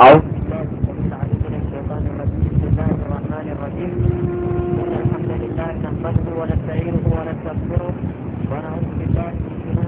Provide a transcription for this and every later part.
أو ونستعينه ونستغفره ونعوذ بالله من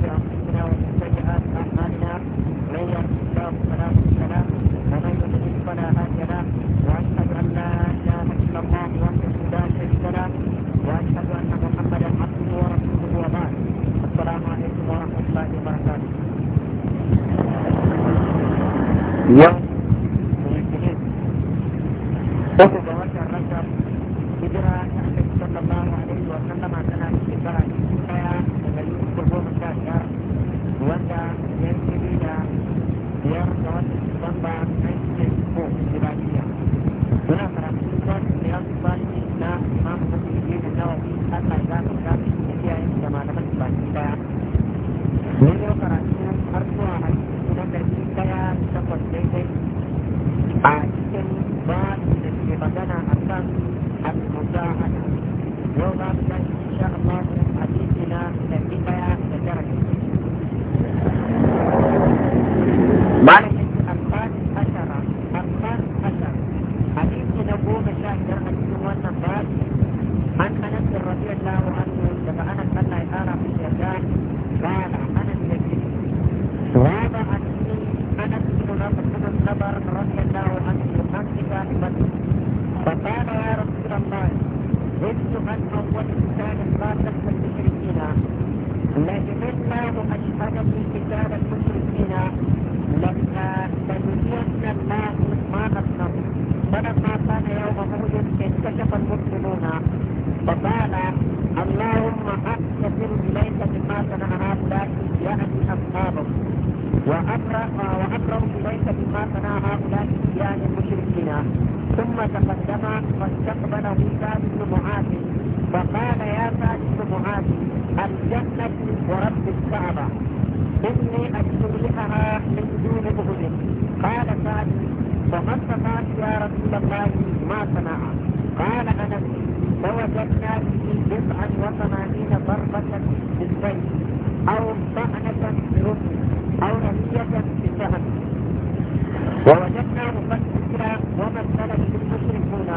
ووجدنا مفسرا ومثل به المشركون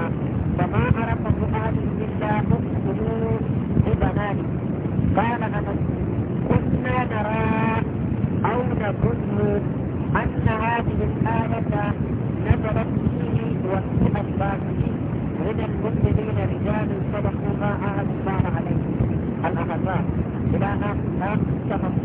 فما عرفه اهل الا مفسدون بضلالهم قال انس كنا نرى او نظن ان هذه الايه نزلت فيه وفي الباقين من المسلمين رجال صدقوا ما عهد الله عليهم الاحزاب الى ان لا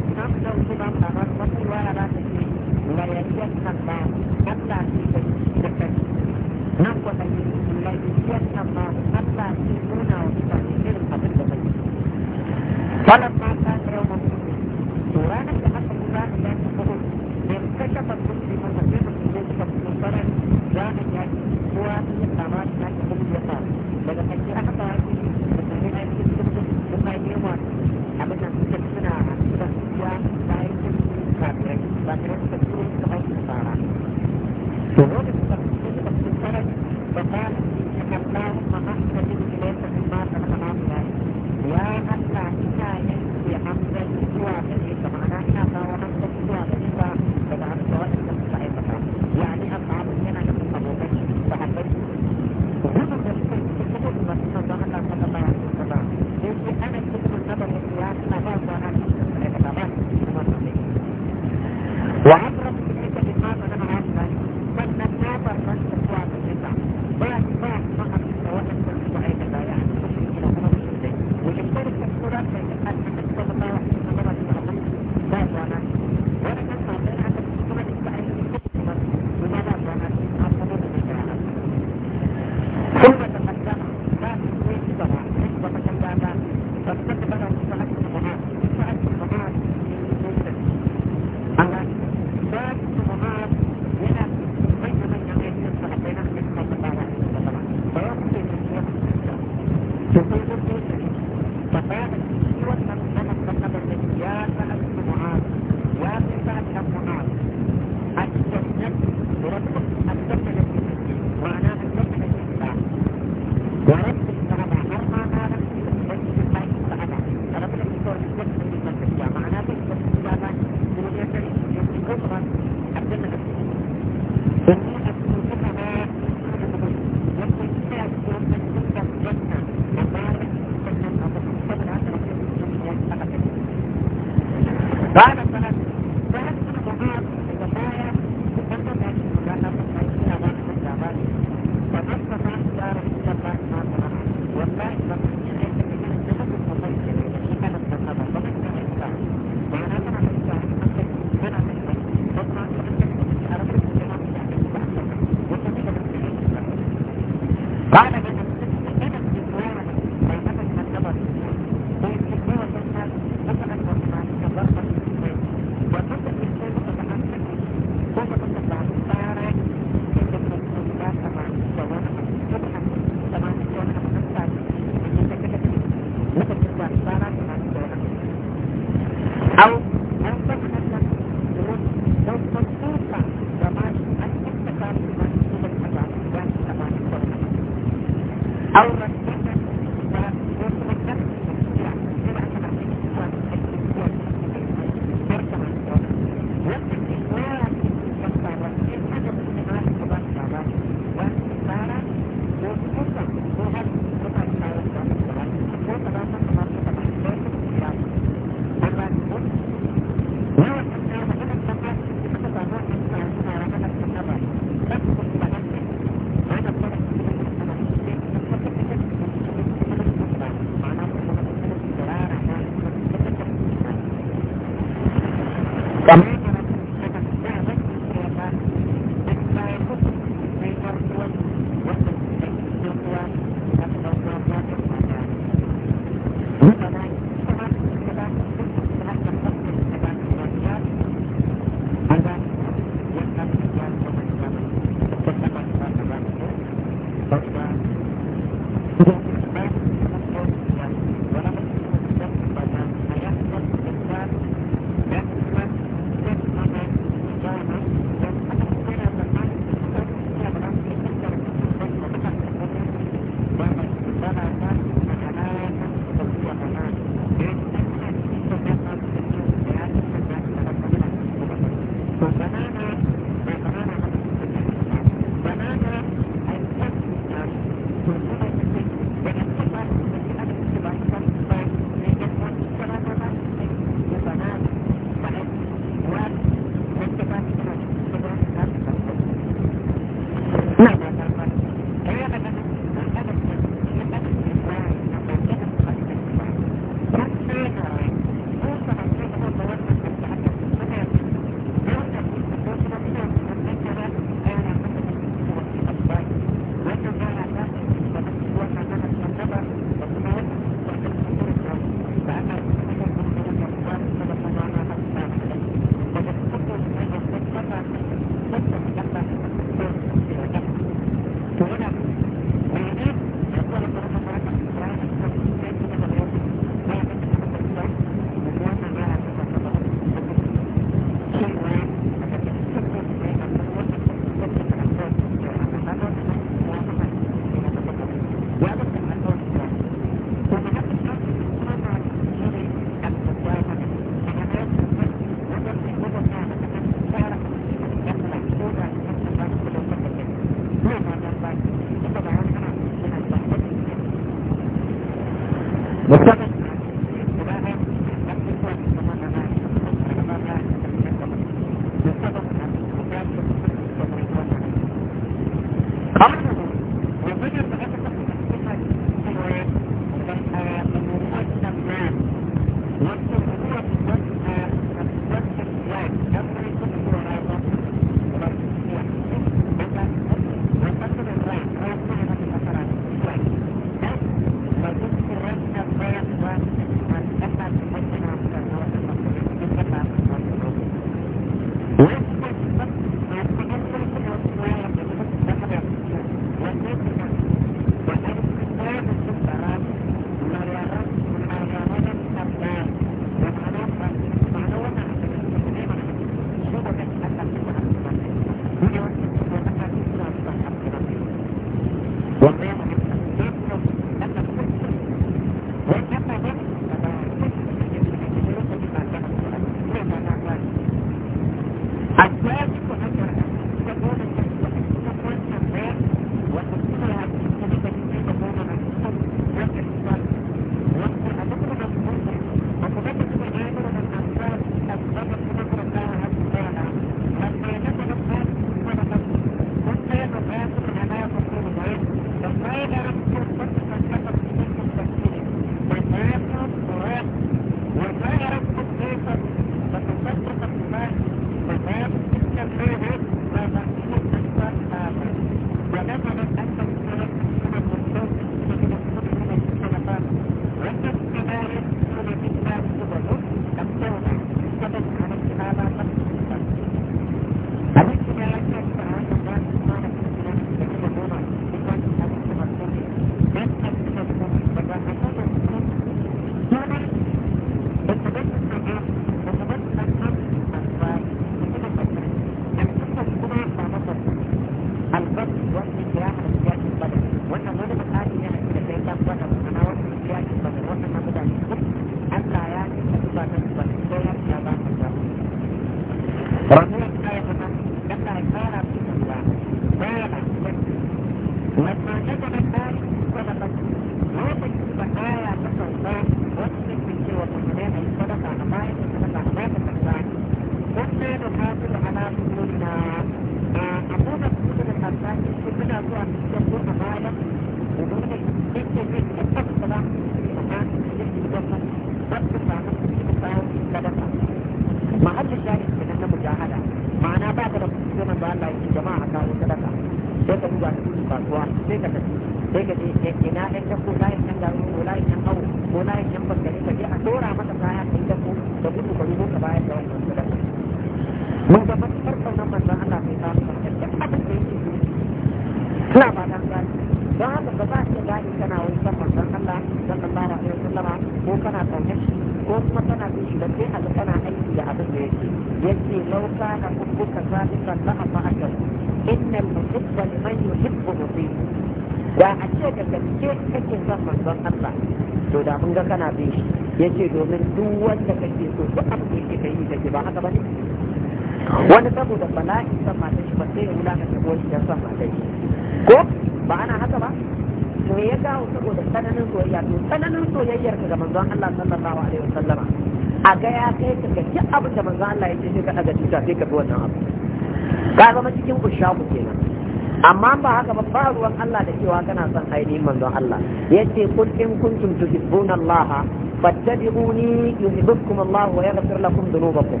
manzon Allah yace kul in kuntum tuhibbuna Allah fattabi'uni yuhibbukum Allah wa yaghfir lakum dhunubakum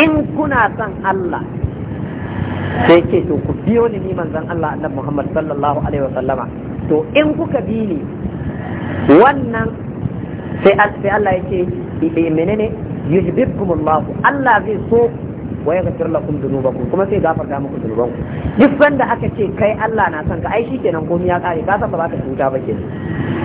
in kuna san Allah sai ce to ku biyo ni ni manzon Allah annabi Muhammad sallallahu alaihi wa sallama to in kuka bi ni wannan sai Allah yake eh, menene yuhibbukum Allah Allah zai so wa kun lakum dhunubakum kuma sai gafarta muku dhunubanku duk sanda aka ce kai Allah na son ka ai shikenan komai ya kare ka san ba ka cuta ba ke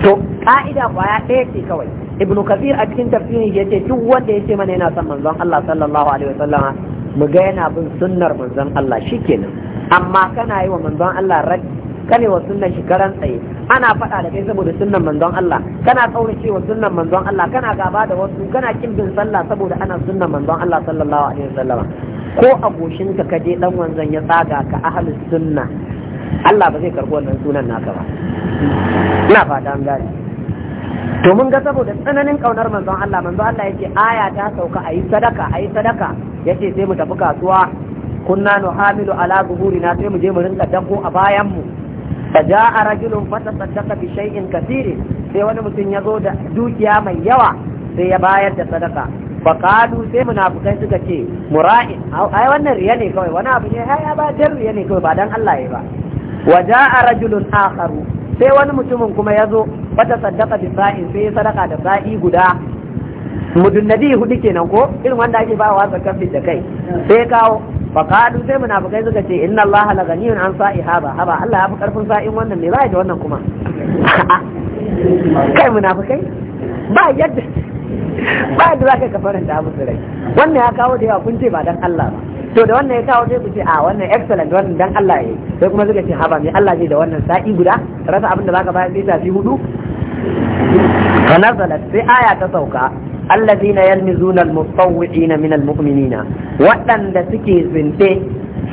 to ka'ida kwaya ɗaya ce kawai ibnu kabir a cikin ya ce duk wanda ya ce mana yana son manzon Allah sallallahu alaihi wasallama mu ga yana bin sunnar manzon Allah shikenan amma kana yi wa manzon Allah raddi kane wa sunnan shi karan tsaye ana faɗa da kai saboda sunnan manzon Allah kana kaurace wa sunnan manzon Allah kana gaba da wasu kana kin bin sallah saboda ana sunnan manzon Allah sallallahu alaihi wasallam ko a goshinka ka je dan wanzan ya tsaga ka ahlus sunna Allah ba zai karbi wannan sunan naka ba ina fata an gane to mun ga saboda tsananin kaunar manzon Allah manzon Allah yace aya ta sauka ayi sadaka ayi sadaka yace sai mu tafi kasuwa kunna nuhamilu ala zuhurina sai mu je mu rinka dako a bayan mu فجاء رجل shai shay'in كثير sai wani mutum ya zo da dukiya mai yawa sai ya bayar da sadaka faqalu sai munafikai suka ce mura'in ai wannan riya ne kawai wani abu ne ai ba dan riya ne kawai ba dan Allah ya ba wa jaa rajulun akharu sai wani mutumin kuma yazo fata saddaqa bi sa'in sai ya sadaka da sa'i guda mudunnadi hudu kenan ko irin wanda ake ba wa zakafin da kai sai kawo faqalu sai munafikai suka ce inna Allah la ghaniyun an sa'i haba haba Allah ya fi karfin sa'in wannan me ba da wannan kuma kai munafikai ba yadda ba da za ka ka da musu rai wannan ya kawo da yawa kun ce ba dan Allah ba to da wannan ya kawo sai ku ce a ah, wannan excellent wannan dan Allah ya yi sai kuma suka ce ba mai Allah ne da wannan sa'i guda rasa abin da za ka bayar sai fi hudu fa nazalat sai aya ta sauka alladhina yalmizuna almutawwi'ina min almu'minina waɗanda suke zinte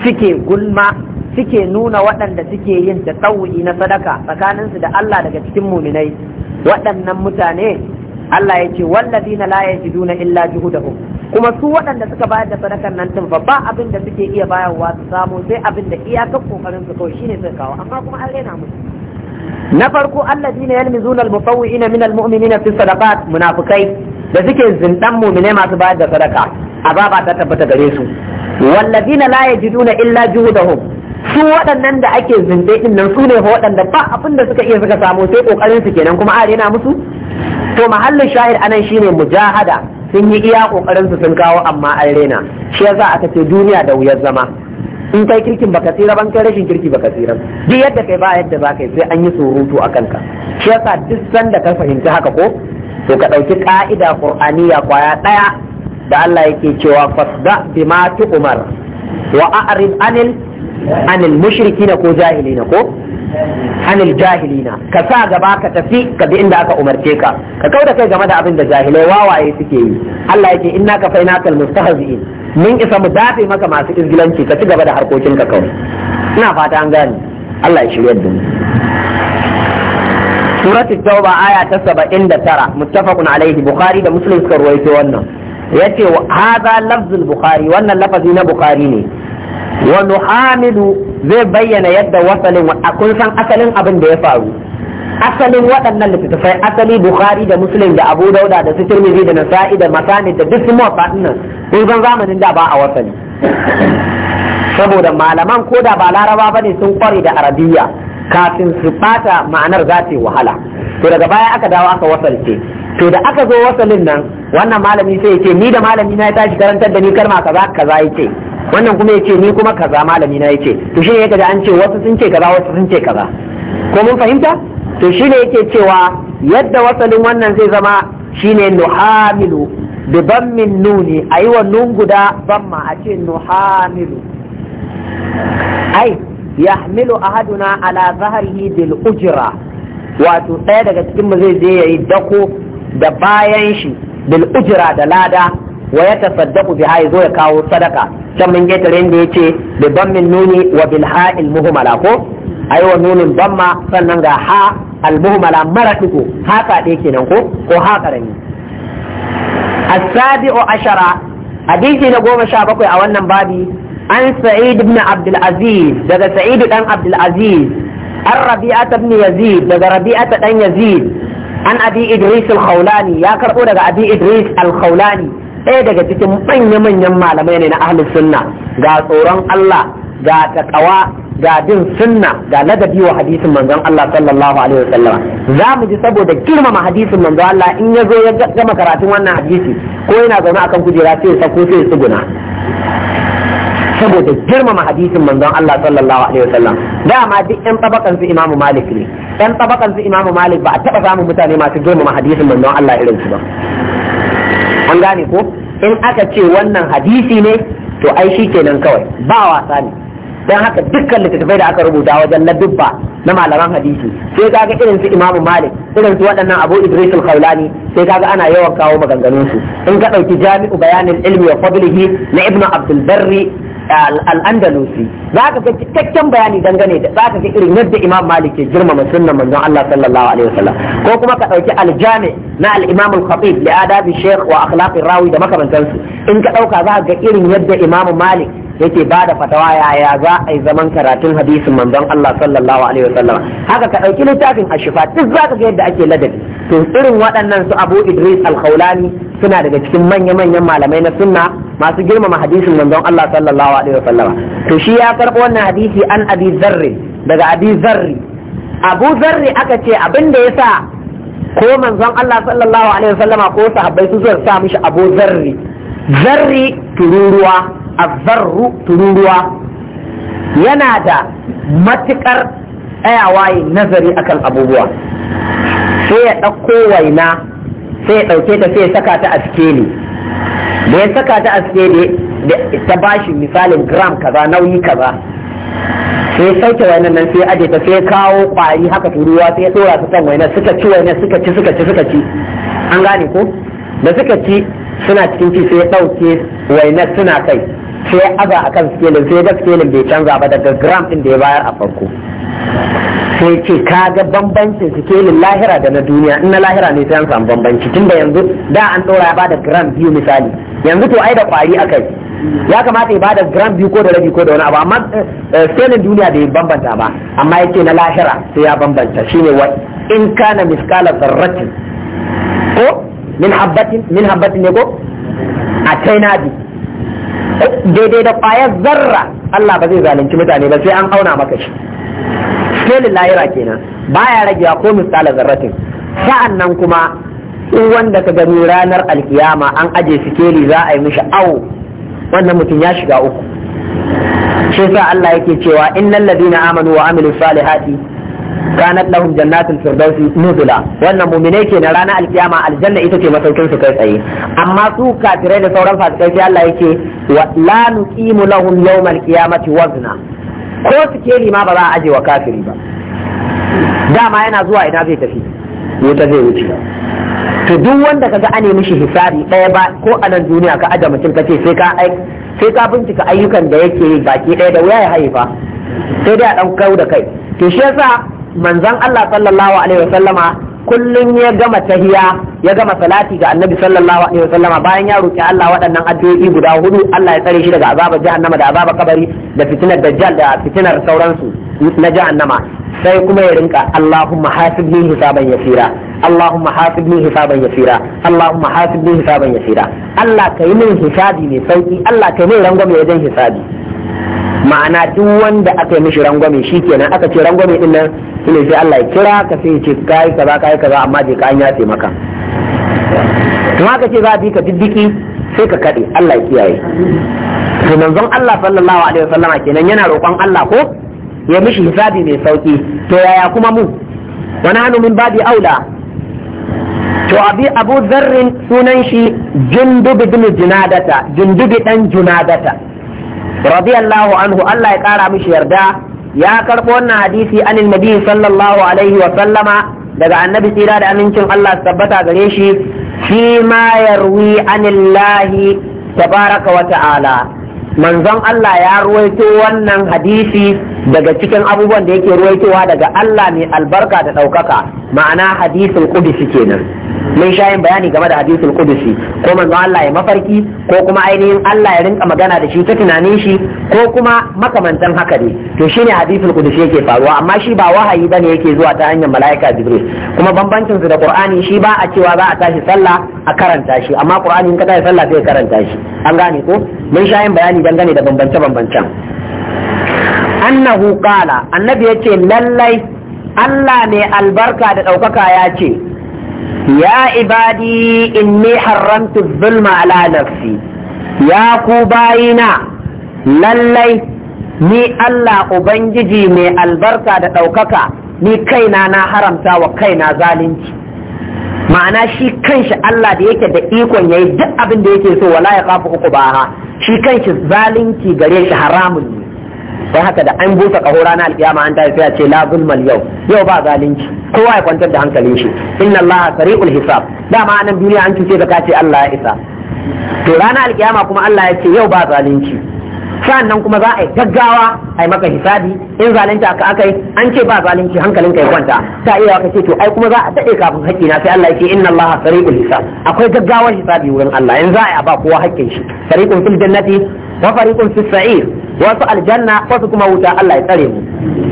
suke gulma suke nuna waɗanda suke yin tatawu'i na sadaka tsakaninsu da Allah daga cikin muminai waɗannan mutane Allah ya ce wallazina la yajiduna illa juhudahum kuma su waɗanda suka bayar da sadakar nan tun ba abin da suke iya bayarwa su samu sai abin da iyakar kokarin su kawai shine suka kawo amma kuma an rena musu na farko allazina yalmizuna almutawwi'ina min almu'minina fi sadaqat munafikai da suke zindan mu'mine masu bayar da sadaka azaba ta tabbata gare su wallazina la yajiduna illa juhudahum su waɗannan da ake zinde din nan su ne waɗanda ba abin da suka iya suka samu sai kokarin su kenan kuma an rena musu to mahallin shahid anan shine mujahada sun yi iya kokarin su sun kawo amma an rena shi yasa aka ce duniya da wuyar zama in kai kirkin baka tsira ban kai rashin kirki baka tsira duk yadda kai ba yadda za kai sai an yi surutu a kanka shi yasa duk sanda ka fahimci haka ko to ka ɗauki ka'ida qur'aniya kwaya ɗaya da Allah yake cewa fasda bima umar, wa a'rid anil anil mushrikina ko jahilina ko anil jahilina ka sa gaba ka tafi ka bi inda aka umarce ka ka kauda kai game da abin da jahilai wawaye suke yi Allah yake inna ka faina kal mustahzi'in mun isa mu dafe maka masu izgilanci ka ci gaba da harkokin ka kawai ina fata an gane Allah ya shirye da mu suratul tauba aya ta 79 muttafaqun alaihi bukhari da muslim suka ruwaito wannan yace hadha lafzul wannan lafazi na bukhari ne Wani nuhamidu zai bayyana yadda wasalin kun san asalin abin da ya faru asalin waɗannan littattafai asali bukhari da muslim da abu dauda da su tirmidhi da nasa'i da masani da duk mu faɗinnan in zan zamanin da ba a wasali saboda malaman ko da ba laraba ba ne sun kware da arabiya kafin su bata ma'anar za ta wahala to daga baya aka dawo aka wasalce to da aka zo wasalin nan wannan malami sai ya ce ni da malami na ya tashi karantar da ni kalma kaza kaza ya ce wannan kuma yace ni kuma kaza malami na yace to shine yake da an ce wasu sun ce kaza wasu sun ce kaza ko mun fahimta to shine yake cewa yadda wasalin wannan zai zama shine nuhamilu bi dammin nuni ayi wa nun guda bamma a ce nuhamilu ai yahmilu ahaduna ala zahrihi bil ujra wato ɗaya daga cikin mu zai je yayi dako da bayan shi bil ujra da lada wa ya tasaddaqu biha yazo ya kawo sadaka can mun ga tare da yace bi dammin nuni wa bil ha'il muhmala ko ai wa nunin damma sannan ga ha al muhmala mara duko haka dai kenan ko ko ha karami as-sabi'u ashara hadisi na goma sha bakwai a wannan babi an sa'id ibn abdul aziz daga sa'id dan abdul aziz an rabi'ata ibn yazid daga rabi'ata dan yazid an abi idris al-khawlani ya karbo daga abi idris al-khawlani ɗaya daga cikin manya-manyan malamai ne na ahlus sunna ga tsoron Allah ga taqawa ga bin sunna ga ladabi wa hadisin manzon Allah sallallahu alaihi wasallam za mu ji saboda girmama hadisin manzon Allah in ya zo ya gama karatun wannan hadisi ko yana zaune akan kujera sai ya sako sai ya tsuguna saboda girmama hadisin manzon Allah sallallahu alaihi wasallam dama duk yan tabakan su Imam Malik ne yan tabakan su Imam Malik ba a taba samun mutane masu girmama hadisin manzon Allah irin su ba an gane ko in aka ce wannan hadisi ne to ai shi kenan kawai ba wasa ne don haka dukkan littattafai da aka rubuta wajen na dubba na malaman hadisi sai kaga irin su imamu malik irin su waɗannan abu idris al-khawlani sai kaga ana yawan kawo maganganun su in ka ɗauki jami'u bayanin ilmi wa fadlihi na ibnu abdul barri al-andalusi za ka ga cikakken bayani dangane da za ka ga irin yadda imam malik ke girmama sunnan manzon Allah sallallahu alaihi wasallam ko kuma ka dauki aljami na al-imam al-khatib li adabi shaykh wa akhlaqi rawi da makamantansu in ka dauka za ka ga irin yadda imam malik yake ba da fatawa yaya za a yi zaman karatun hadisin manzon Allah sallallahu alaihi wasallam haka ka ɗauki littafin ashifa duk za ka ga yadda ake ladabi to irin waɗannan su Abu Idris al-Khawlani suna daga cikin manya-manyan malamai na sunna masu girmama hadisin manzon Allah sallallahu alaihi wasallam to shi ya karɓo wannan hadisi an Abi Zarri daga Abi Zarri Abu Zarri aka ce abin da yasa ko manzon Allah sallallahu alaihi wasallama ko sahabbai su zuwa sa mishi Abu Zarri Zarri tururuwa azzarru tururuwa yana da matukar tsayawa nazari akan abubuwa sai ya ɗauko waina sai ya ɗauke ta sai ya saka ta a sikeli da ya saka ta a sikeli ta bashi misalin gram kaza nauyi kaza sai ya sauke wainan nan sai ya aje ta sai ya kawo kwari haka turuwa sai ya ɗora ta kan wainan suka ci wainan suka ci suka ci suka ci an gane ko da suka ci suna cikin ci sai ya ɗauke wainar suna kai sai ya aza a kan skelin sai ga skelin bai canza ba daga gram ɗin da ya bayar a farko sai ce ka ga bambancin skelin lahira da na duniya in na lahira ne sai an samu bambanci tun da yanzu da an ɗora ya bada gram biyu misali yanzu to ai da kwari a kai ya kamata ya bada gram biyu ko da rabi ko da wani abu amma eh, skelin duniya bai bambanta ba amma ya ce na lahira sai ya bambanta shine wa in kana miskala zarratin ko min habbatin min habbatin ne ko a kaina bi daidai da kwaya zarra Allah ba zai zalunci mutane ba sai an auna maka shi kelin lahira kenan baya ragewa ko misala zarratin sa'an nan kuma in wanda ka gani ranar alkiyama an aje sikeli za a yi mishi awo wannan mutum ya shiga uku shi sa Allah yake cewa innal ladina amanu wa amilus salihati kanat lahum jannatul firdausi nuzula wannan mu'minai ke na rana alkiyama aljanna ita ce masaukin su kai tsaye amma su kafirai da sauran fasikai sai Allah yake wa la nuqimu lahum yawmal qiyamati wazna ko ke ma ba za a aje wa kafiri ba dama yana zuwa ina zai tafi ta zai wuce to duk wanda kaga ane mishi hisabi daya ba ko a nan duniya ka aje mutum kace sai ka sai ka bincika ayyukan da yake baki ɗaya da wuya ya haifa sai dai a ɗan da kai to shi yasa manzon Allah sallallahu alaihi wasallama kullum ya gama tahiya ya gama salati ga annabi sallallahu alaihi wasallama bayan ya roki Allah waɗannan addu'o'i guda hudu Allah ya tsare shi daga azabar jahannama da azabar kabari da fitinar dajjal da fitinar sauransu na jahannama sai kuma ya rinka Allahumma hasibni hisaban yasira Allahumma hasibni hisaban yasira Allahumma hasibni hisaban yasira Allah kai min hisabi mai sauki Allah kai min rangwame wajen hisabi ma'ana duk wanda aka yi mishi rangwame shi kenan aka ce rangwame din nan ne sai Allah ya kira ka sai ya ce kai kaza kai kaza amma je ka anya sai maka to haka ce za a bi ka diddiki sai ka kade Allah ya kiyaye to manzon Allah sallallahu alaihi wasallama kenan yana roƙon Allah ko ya mishi hisabi mai sauki to yaya kuma mu wana nahnu min babi aula to abi abu zarrin sunan shi jundubi bin junadata jundubi dan junadata radiyallahu anhu Allah ya kara mishi yarda ya karbo wannan hadisi anil nabi sallallahu alaihi wa sallama daga annabi tsira da amincin Allah su tabbata gare shi fi ma yarwi anillahi tabaraka wa ta'ala manzon Allah ya ruwaito wannan hadisi daga cikin abubuwan da yake ruwaitowa daga Allah mai albarka da ɗaukaka ma'ana hadisin kudisi kenan mun sha yin bayani game da hadisul qudusi ko manzo Allah ya mafarki ko kuma ainihin Allah ya rinka magana da shi ta tunanin shi ko kuma makamantan haka ne to shine hadisul qudusi yake faruwa amma shi ba wahayi bane yake zuwa ta hanyar malaika jibril kuma bambancin su da qur'ani shi ba a cewa za a tashi sallah a karanta shi amma qur'ani in ka tashi sallah sai ka karanta shi an gane ko mun sha bayani dangane da bambance bambancen annahu qala annabi yace lallai Allah ne albarka da ɗaukaka ya ce ya ibadi inni haramtu zulma ala nafsi ya ku bayina lallai ni Allah Ubangiji mai albarka da ɗaukaka ni kaina na haramta wa kaina zalunci ma'ana shi kanshi Allah da yake da ikon yayi duk abin da yake so wala ya kafa uku baha shi kanshi zalunci gare shi haramun ne don haka da an busa kaho ranar alkiyama an tafi ce la zulmal yau yau ba zalunci kowa ya kwantar da hankalin shi inna allaha sari'ul hisab dama nan duniya an cuce zaka ce Allah ya isa to ranar alkiyama kuma Allah ya ce yau ba zalunci sa'an nan kuma za a yi gaggawa a yi maka hisabi in zalunci aka aka yi an ce ba zalunci hankalin ka ya kwanta ta iya ka ce to ai kuma za a daɗe kafin haƙƙi na sai Allah ya ce inna allaha sari'ul hisab akwai gaggawar hisabi wurin Allah in za a yi a ba kowa hakkin shi sariqun fil jannati wa fariqun fis sa'ir wasu aljanna wasu kuma wuta Allah ya tsare mu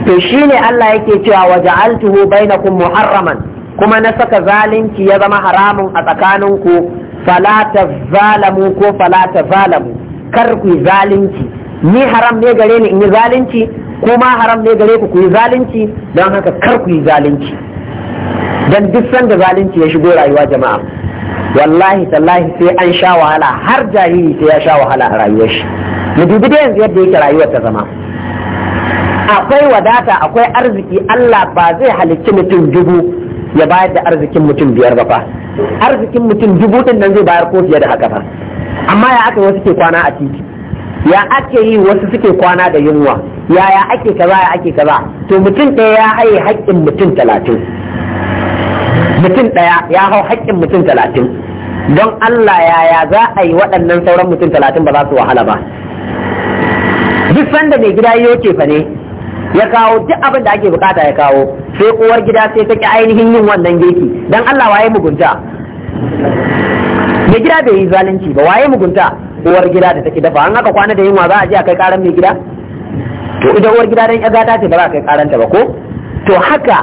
to shine Allah yake cewa waja'altuhu bainakum muharraman kuma na saka zalunci ya zama haramun a tsakaninku fala tazalamu ko fala tazalamu kar ku zalunci ni haram ne gare ni in yi zalunci kuma haram ne gare ku ku yi zalunci don haka kar ku yi zalunci dan duk sanda zalunci ya shigo rayuwa jama'a wallahi tallahi sai an sha wahala har jahili sai ya sha wahala a rayuwar shi mu dubi da yanzu yadda yake rayuwar ta zama akwai wadata akwai arziki Allah ba zai halicci mutum dubu ya bayar da arzikin mutum biyar ba fa arzikin mutum dubu din nan zai bayar ko fiye da haka fa amma ya aka wasu ke kwana a titi ya ake yi wasu suke kwana da yunwa ya ya ake kaza ya ake kaza to mutum ɗaya ya haye haƙƙin mutum talatin mutum ɗaya ya hau haƙƙin mutum talatin don Allah yaya za a yi waɗannan sauran mutum talatin ba za su wahala ba duk sanda mai gida ya ce fa ne ya kawo duk abin da ake bukata ya kawo sai uwar gida sai ta ainihin yin wannan girki dan Allah waye mugunta mai gida bai yi zalunci ba waye mugunta uwar gida da take dafa an haka kwana da yunwa za a je a kai karan mai gida to idan uwar gida dan ta ce ba za a kai karanta ba ko to haka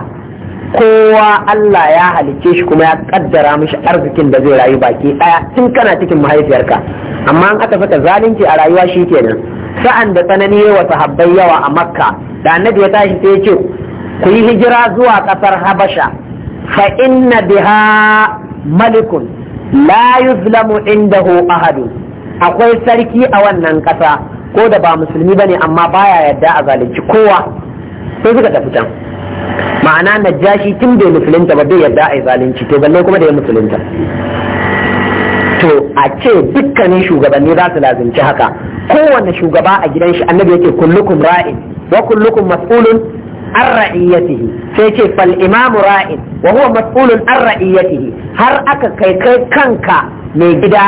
kowa Allah ya halicce shi kuma ya kaddara mishi arzikin da zai rayu baki daya tun kana cikin mahaifiyarka amma an aka saka zalunci a rayuwa shi kenan sa'an da tsanani yawa sahabbai yawa a makka da annabi ya tashi sai ya ce ku yi hijira zuwa ƙasar habasha fa inna biha malikun la yuzlamu indahu ahadu akwai sarki a wannan ƙasa ko da ba musulmi bane amma baya yadda a zalunci kowa sai suka tafi can ma'ana najashi tun bai musulunta ba bai yadda a zalunci to balle kuma da ya musulunta to a ce dukkanin shugabanni za su lazimci haka kowane shugaba a gidan shi annabi yake kullukum ra'in wa kullukum mas'ulun an ra'iyatihi sai ce fal imamu ra'in wa huwa mas'ulun an ra'iyatihi har aka kai kai kanka mai gida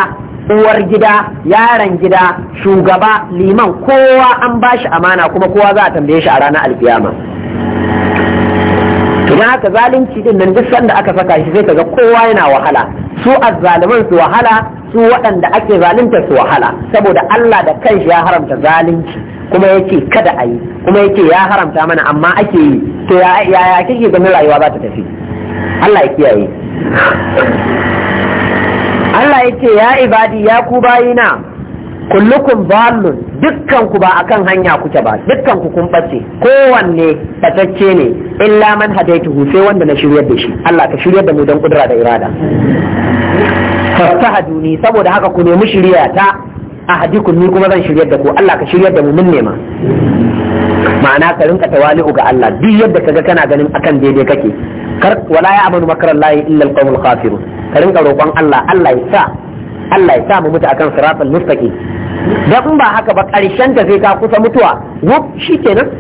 uwar gida yaron gida shugaba liman kowa an bashi amana kuma kowa za a tambaye shi a ranar alkiyama idan haka zalunci din nan duk sanda aka saka shi sai kaga kowa yana wahala su azzaliman su wahala su waɗanda ake zalunta su wahala saboda Allah da kanshi ya haramta zalunci kuma yake kada a yi kuma yake ya haramta mana amma ake yi to ya ya kike ganin rayuwa za ta tafi Allah ya kiyaye Allah ya ya ibadi ya ku bayina kullukum dallun dukkan ku ba akan hanya kuke ba dukkan ku kun bace kowanne batacce ne illa man hadaituhu sai wanda na shiryar da shi Allah ka shiryar da mu don kudura da irada fastahduni saboda haka ku nemi shirya ta ahdikum ni kuma zan shiryar da ku Allah ka shiryar da mu mun nema ma'ana ka rinka tawali'u ga Allah duk yadda kaga kana ganin akan daidai kake kar wala ya amanu makar Allah illa alqawmul ka rinka roƙon Allah Allah ya sa Allah ya sa mu mutu akan siratal mustaqim dan ba haka ba karshen ta sai ka kusa mutuwa wuf shikenan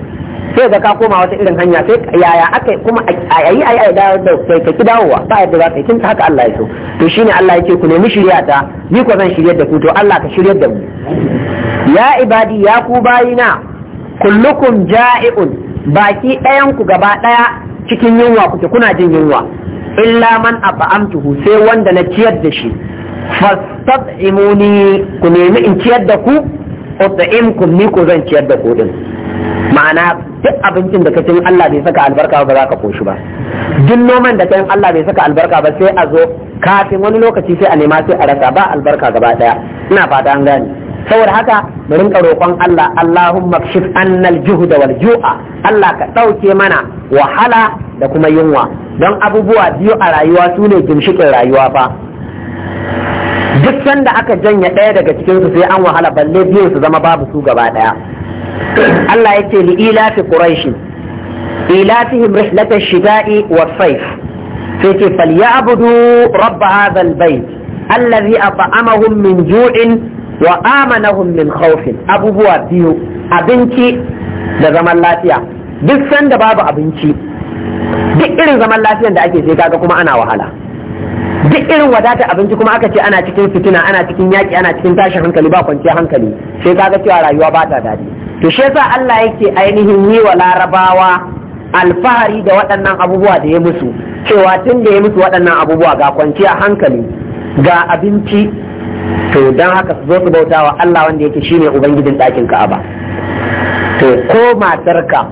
sai ga ka koma wata irin hanya sai yaya aka kuma ayi ayi ayi dawo da sai ka ki ba yadda za ka kinta haka Allah ya so to shine Allah yake ku nemi shiriya ta ni ko zan shiryar da ku to Allah ka shiryar da mu ya ibadi ya ku bayina kullukum ja'i'un baki ɗayan ku gaba ɗaya cikin yunwa kuke kuna jin yunwa illa man afa'amtuhu sai wanda na ciyar da shi fastad'imuni ku nemi in ciyar da ku ku ni ku zan ciyar da ku din ma'ana duk abincin da kacin Allah bai saka albarka ba za ka koshi ba duk noman da kayan Allah bai saka albarka ba sai a zo kafin wani lokaci sai a nema sai a rasa ba albarka gaba daya ina fata an gane saboda haka mu rinka roƙon Allah Allahumma kshif annal juhda wal ju'a Allah ka ɗauke mana wahala da kuma yunwa don abubuwa biyu a rayuwa su ne ginshiƙin rayuwa fa duk sanda aka janye ɗaya daga cikinsu sai an wahala balle biyu su zama babu su gaba ɗaya Allah ya ce li'ilafi quraishin ilafihim rihlat ash-shida'i was-sayf sai ce falyabudu rabb hadha al-bayt alladhi at'amahum min ju'in wa amanahum min khawfin abubuwa biyu abinci da zaman lafiya duk sanda babu abinci duk irin zaman lafiyan da ake sai kaga kuma ana wahala duk irin wadata abinci kuma aka ce ana cikin fitina ana cikin yaƙi ana cikin tashin hankali ba kwanciyar hankali sai kaga cewa rayuwa ba ta daɗi da shi yasa Allah yake ainihin yi wa larabawa alfahari da waɗannan abubuwa da ya musu cewa tun da ya musu waɗannan abubuwa ga kwanciya hankali ga abinci to don haka su zo su bauta wa Allah wanda yake ne ubangijin ɗakin Ka'aba to ko matarka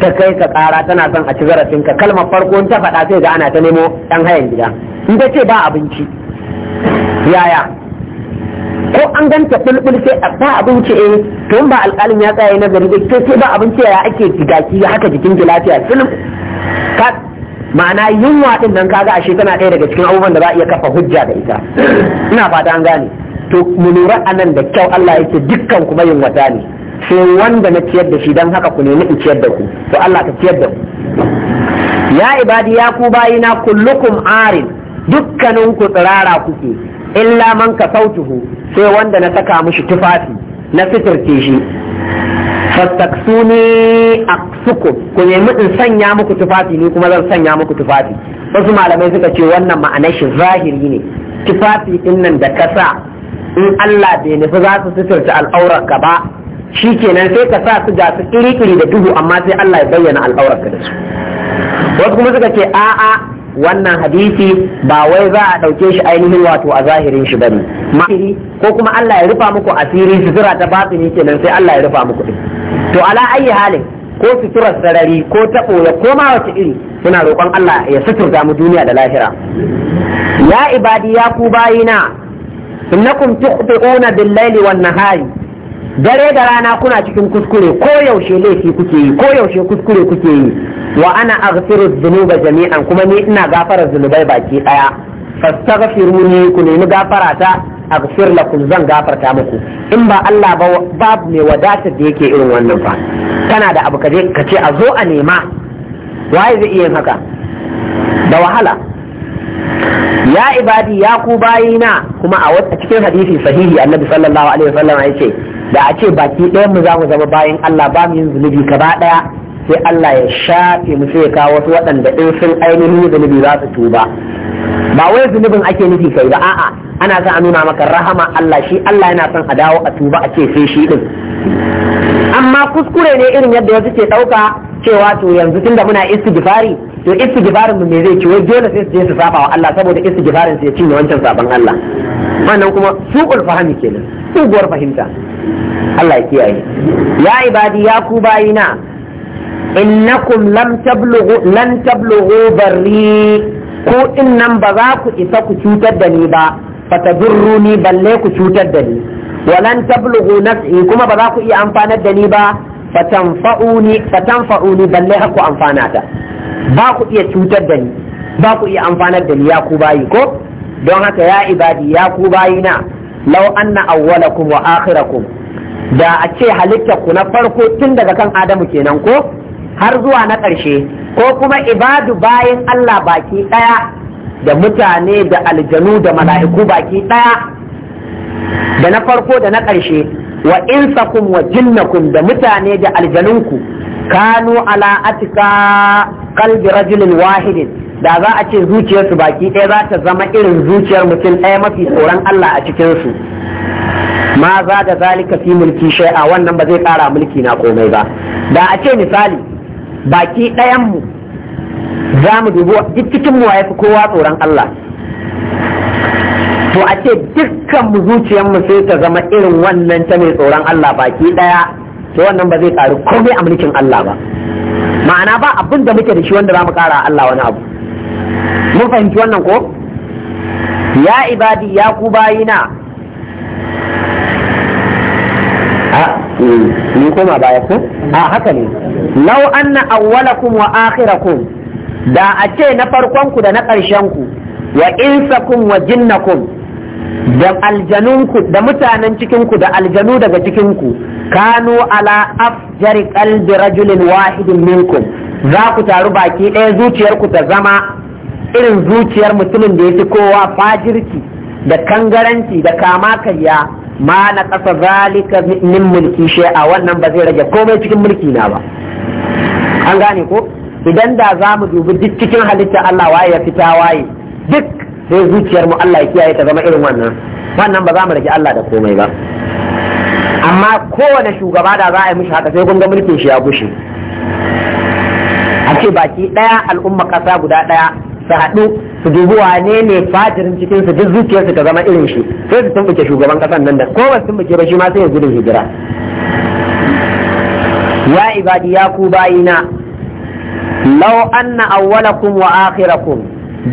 ta kai ka ƙara tana son a ci zarafinka kalmar farko ta faɗa sai ga ana ta nemo ɗan hayan gida in ta ce ba abinci yaya ko an ganta bulbul sai a ba ce eh to ba alƙalin ya tsaya nazari ba sai sai ba abinci ya ake jigaki haka jikin ki lafiya film ka ma'ana yunwa din nan kaga ashe tana ɗaya daga cikin abubuwan da za a iya kafa hujja da ita ina fata an gane to mu lura anan da kyau Allah yake dukkan kuma wata ne sai wanda na ciyar da shi don haka ku nemi in ciyar da ku to Allah ka ciyar da ku ya ibadi ya ku bayina kullukum arin dukkanin ku tsirara kuke illa man kasautuhu sai wanda na saka mushi tufafi na fitirce shi fastaksuni aksukum ku nemi in sanya muku tufafi ni kuma zan sanya muku tufafi wasu malamai suka ce wannan ma'anar shi zahiri ne tufafi din nan da kasa in Allah bai nufi za su suturta al'aurar ka ba kenan sai ka sa su gasu su iri-iri da duhu amma sai Allah ya bayyana al'aurar ka da su wasu kuma suka ce a'a wannan hadisi ba wai za a ɗauke shi ainihin wato a zahirin shi bane mahiri ko kuma Allah ya rufa muku asiri sutura ta batini kenan sai Allah ya rufa muku to ala ayi halin ko suturar sarari ko taɓo ya koma wace iri suna roƙon Allah ya suturta mu duniya da lahira ya ibadi ya ku bayina innakum tuqti'una bil-laili wan-nahari dare da rana kuna cikin kuskure ko yaushe laifi kuke yi ko yaushe kuskure kuke yi wa ana aghfiru dhunuba jami'an kuma ni ina gafara zunubai baki daya fastaghfiruni ku nemi gafara ta aghfir lakum zan gafarta muku in ba Allah ba babu mai wadatar da yake irin wannan fa kana da abu kaje ka ce a zo a nema waye zai iya haka da wahala ya ibadi ya ku bayina kuma a cikin hadisi sahihi annabi sallallahu alaihi wasallam ya ce da a ce baki ɗaya mu za mu zama bayan Allah ba mu yin zunubi gaba ɗaya sai Allah ya shafe mu sai ya kawo wasu waɗanda ɗin sun ainihin zunubi za su tuba ba wai zunubin ake nufi kai ba a'a ana son a nuna maka rahama Allah shi Allah yana son a dawo a tuba a ce sai shi din amma kuskure ne irin yadda wasu ke ɗauka cewa to yanzu tunda muna istighfari to istighfarin mu me zai ci wai dole sai su je su safa wa Allah saboda istighfarin su ya cinye wancan saban Allah wannan kuma su ulfahami kenan suguwar fahimta Allah ya kiyaye ya ibadi ya ku bayina innakum lam tablughu lan tablughu barri ku innan ba za ku isa ku cutar da ni ba fatadurruni balle ku cutar da ni walan tablughu nafsi kuma ba za ku iya amfanar da ni ba fatanfa'uni fatanfa'uni balle har ku amfana ta ba ku iya cutar da ni ba ku iya amfanar da ni ya ku bayi ko don haka ya ibadi ya ku bayina law anna awwalakum wa akhirakum da a ce halittar ku na farko tun daga kan adamu kenan ko har zuwa na ƙarshe ko kuma ibadu bayan Allah baki ɗaya da mutane da aljanu da mala'iku baki ɗaya da na farko da na ƙarshe wa insakum wa jinnakum da mutane da aljanunku kanu ala atika kalbi rajulin wahidin da za a ce zuciyarsu baki ɗaya za ta zama irin zuciyar mutum ɗaya mafi tsoron Allah a cikinsu ma za da zalika fi mulki shay'a wannan ba zai kara mulki na komai ba da a ce misali baki ɗayan mu za mu dubi duk cikin mu ya fi kowa tsoron Allah to a ce dukkan mu zuciyar mu sai ta zama irin wannan ta mai tsoron Allah baki ɗaya to wannan ba zai karu komai a mulkin Allah ba ma'ana ba abin da muke da shi wanda za mu kara Allah wani abu mun fahimci wannan ko ya ibadi ya ku bayina Mm. ni koma baya ko mm. a haka ne law anna awwalakum wa akhirakum da a ce na farkon ku da na ƙarshen ku wa insakum wa jinnakum da ku da mutanen cikin ku da aljanu daga cikin ku kanu ala afjari qalbi rajulin wahidin minkum za ku taru baki ɗaya zuciyar ku ta zama irin zuciyar mutumin da ya fi kowa fajirki da kangaranci da kama karya ma na ƙasa zalika min mulki shi a wannan ba zai rage komai cikin mulki na ba an gane ko idan da za mu dubi duk cikin halitta Allah waye ya fita waye duk sai zuciyar mu Allah ya kiyaye ta zama irin wannan wannan ba za mu rage Allah da komai ba amma kowane shugaba da za a yi mishi haka sai kun ga mulkin shi ya gushe a ce baki ɗaya al'umma ƙasa guda ɗaya su haɗu su dubi wane ne fatirin cikin su duk su ta zama irin shi sai su tumbuke shugaban kasan nan da ko ba tumbuke ba shi ma sai ya gudun hijira ya ibadi ya ku bayina law anna awwalakum wa akhirakum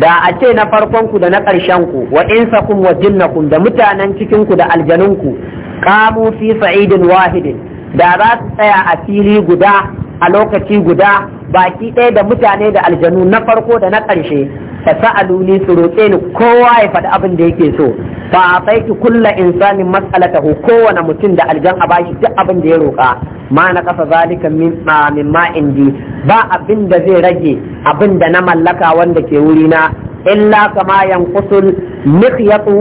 da a ce na farkon ku da na ƙarshen ku wa insakum wa jinnakum da mutanen cikin ku da aljanun ku qamu fi sa'idin wahidin da za su tsaya a fili guda a lokaci guda baki ɗaya da mutane da aljanu na farko da na ƙarshe fa sa'aluni su roƙe ni kowa ya faɗi abin da yake so fa ataitu kulla insanin mas'alatahu kowane mutum da aljan a bashi duk abin da ya roƙa ma na kafa zalika min min ma indi ba abin da zai rage abin da na mallaka wanda ke wuri na illa kama yanqusul mikhyatu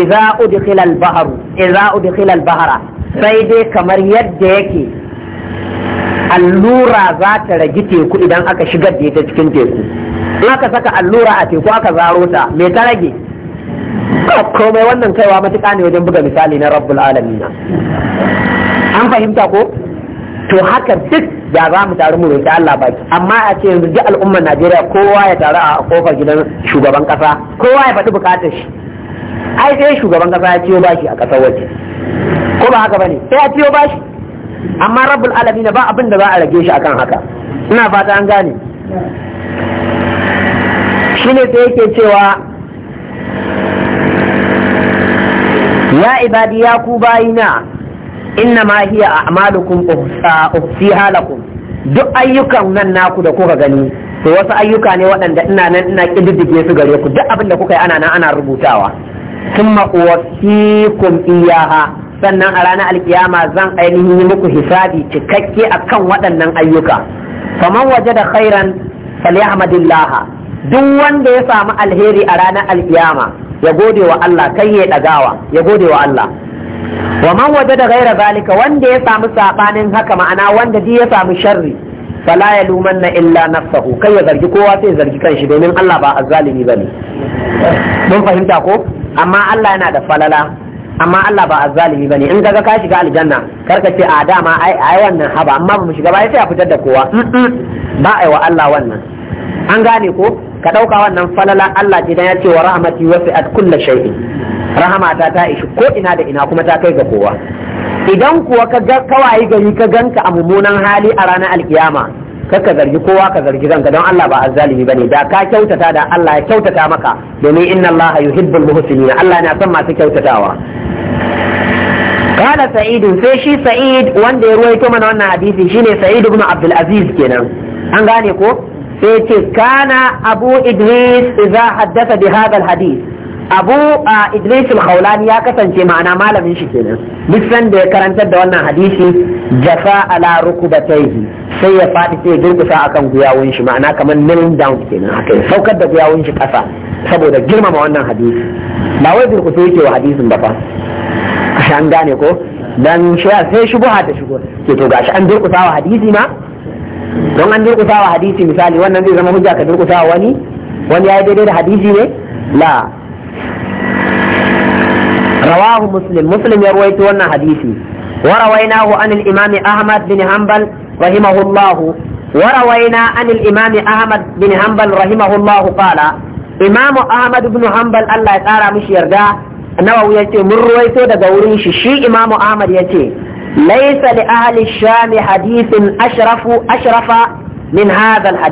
idza udkhila al-bahr idza udkhila al-bahra sai dai kamar yadda yake allura za ta ragi teku idan aka shigar da ita cikin teku in aka saka allura a teku aka zaro ta me ta rage komai wannan kaiwa matuƙa ne wajen buga misali na rabbul na? an fahimta ko to haka duk da za mu taru mu roƙi Allah baki amma a ce yanzu duk al'ummar Najeriya kowa ya taru a kofar gidan shugaban kasa kowa ya faɗi bukatar shi ai sai shugaban kasa ya ciyo bashi a ƙasar waje ko ba haka bane sai ya ciyo bashi amma rabbul alamin ba abin da za a rage shi akan haka ina fata an gane shine sai yake cewa ya ibadi ya ku bayina inna ma hiya a'malukum ufsiha lakum duk ayyukan nan naku da kuka gani to wasu ayyuka ne waɗanda ina nan ina kididdige su gare ku duk abin da kuka yi ana nan ana rubutawa thumma uwaffikum iyaha sannan a ranar alkiyama zan ainihin yi muku hisabi cikakke akan waɗannan ayyuka faman waje da khairan falyahmadillah duk wanda ya samu alheri a ranar alkiyama ya gode wa Allah kai ya dagawa ya gode wa Allah wa man waje da gaira zalika wanda ya samu sabanin haka ma'ana wanda duk ya samu sharri fala ya na illa nafsahu kai ya zargi kowa sai ya zargi kanshi domin Allah ba azzalimi bane mun fahimta ko amma Allah yana da falala amma Allah ba azzalimi bane in kaga ka shiga aljanna karka ce a dama ai ai wannan haba amma ba mu shiga ba sai a fitar da kowa ba ai wa Allah wannan an gane ko ka dauka wannan falala Allah ce dan ya ce wa rahmati wasi'at kulli shay'in Rahama ta ishi ko ina da ina kuma ta kai ga kowa idan kuwa ka ga kawai gari ka ganka a mummunan hali a ranar alkiyama ka zargi kowa ka zargi kanka don Allah ba azzalimi bane da ka kyautata da Allah ya kyautata maka domin inna Allah yuhibbul muhsinin Allah yana son masu kyautatawa kala sa'idu sai shi sa'id wanda ya ruwaito mana wannan hadisi shine sa'id ibn abdul aziz kenan an gane ko sai ce kana abu idris idza haddatha bi hadha al hadith abu a idris al ya kasance ma'ana malamin shi kenan duk sanda ya karantar da wannan hadisi jafa ala rukubatayhi sai ya fadi sai girkusa akan guyawun shi ma'ana kamar kneeling down kenan haka saukar da guyawun shi kasa saboda girmama wannan hadisi ba wai girkusa yake wa hadisin ba fa an gane ko dan sai shubuha ta shigo ke to gashi an durkusa wa hadisi ma don an durkusa wa hadisi misali wannan zai zama hujja ka durkusa wa wani wani ya yi daidai da hadisi ne la rawahu muslim muslim ya ruwaito wannan hadisi ورويناه عن الإمام أحمد بن حنبل رحمه الله وروينا عن الإمام أحمد بن حنبل رحمه الله قال إمام أحمد بن حنبل الله تعالى مش يرجع nawawi ce mun ruwaito daga wurin shi shi imamu ahmad yace laysa li ahli shami hadisin ashrafu ashrafa min hadha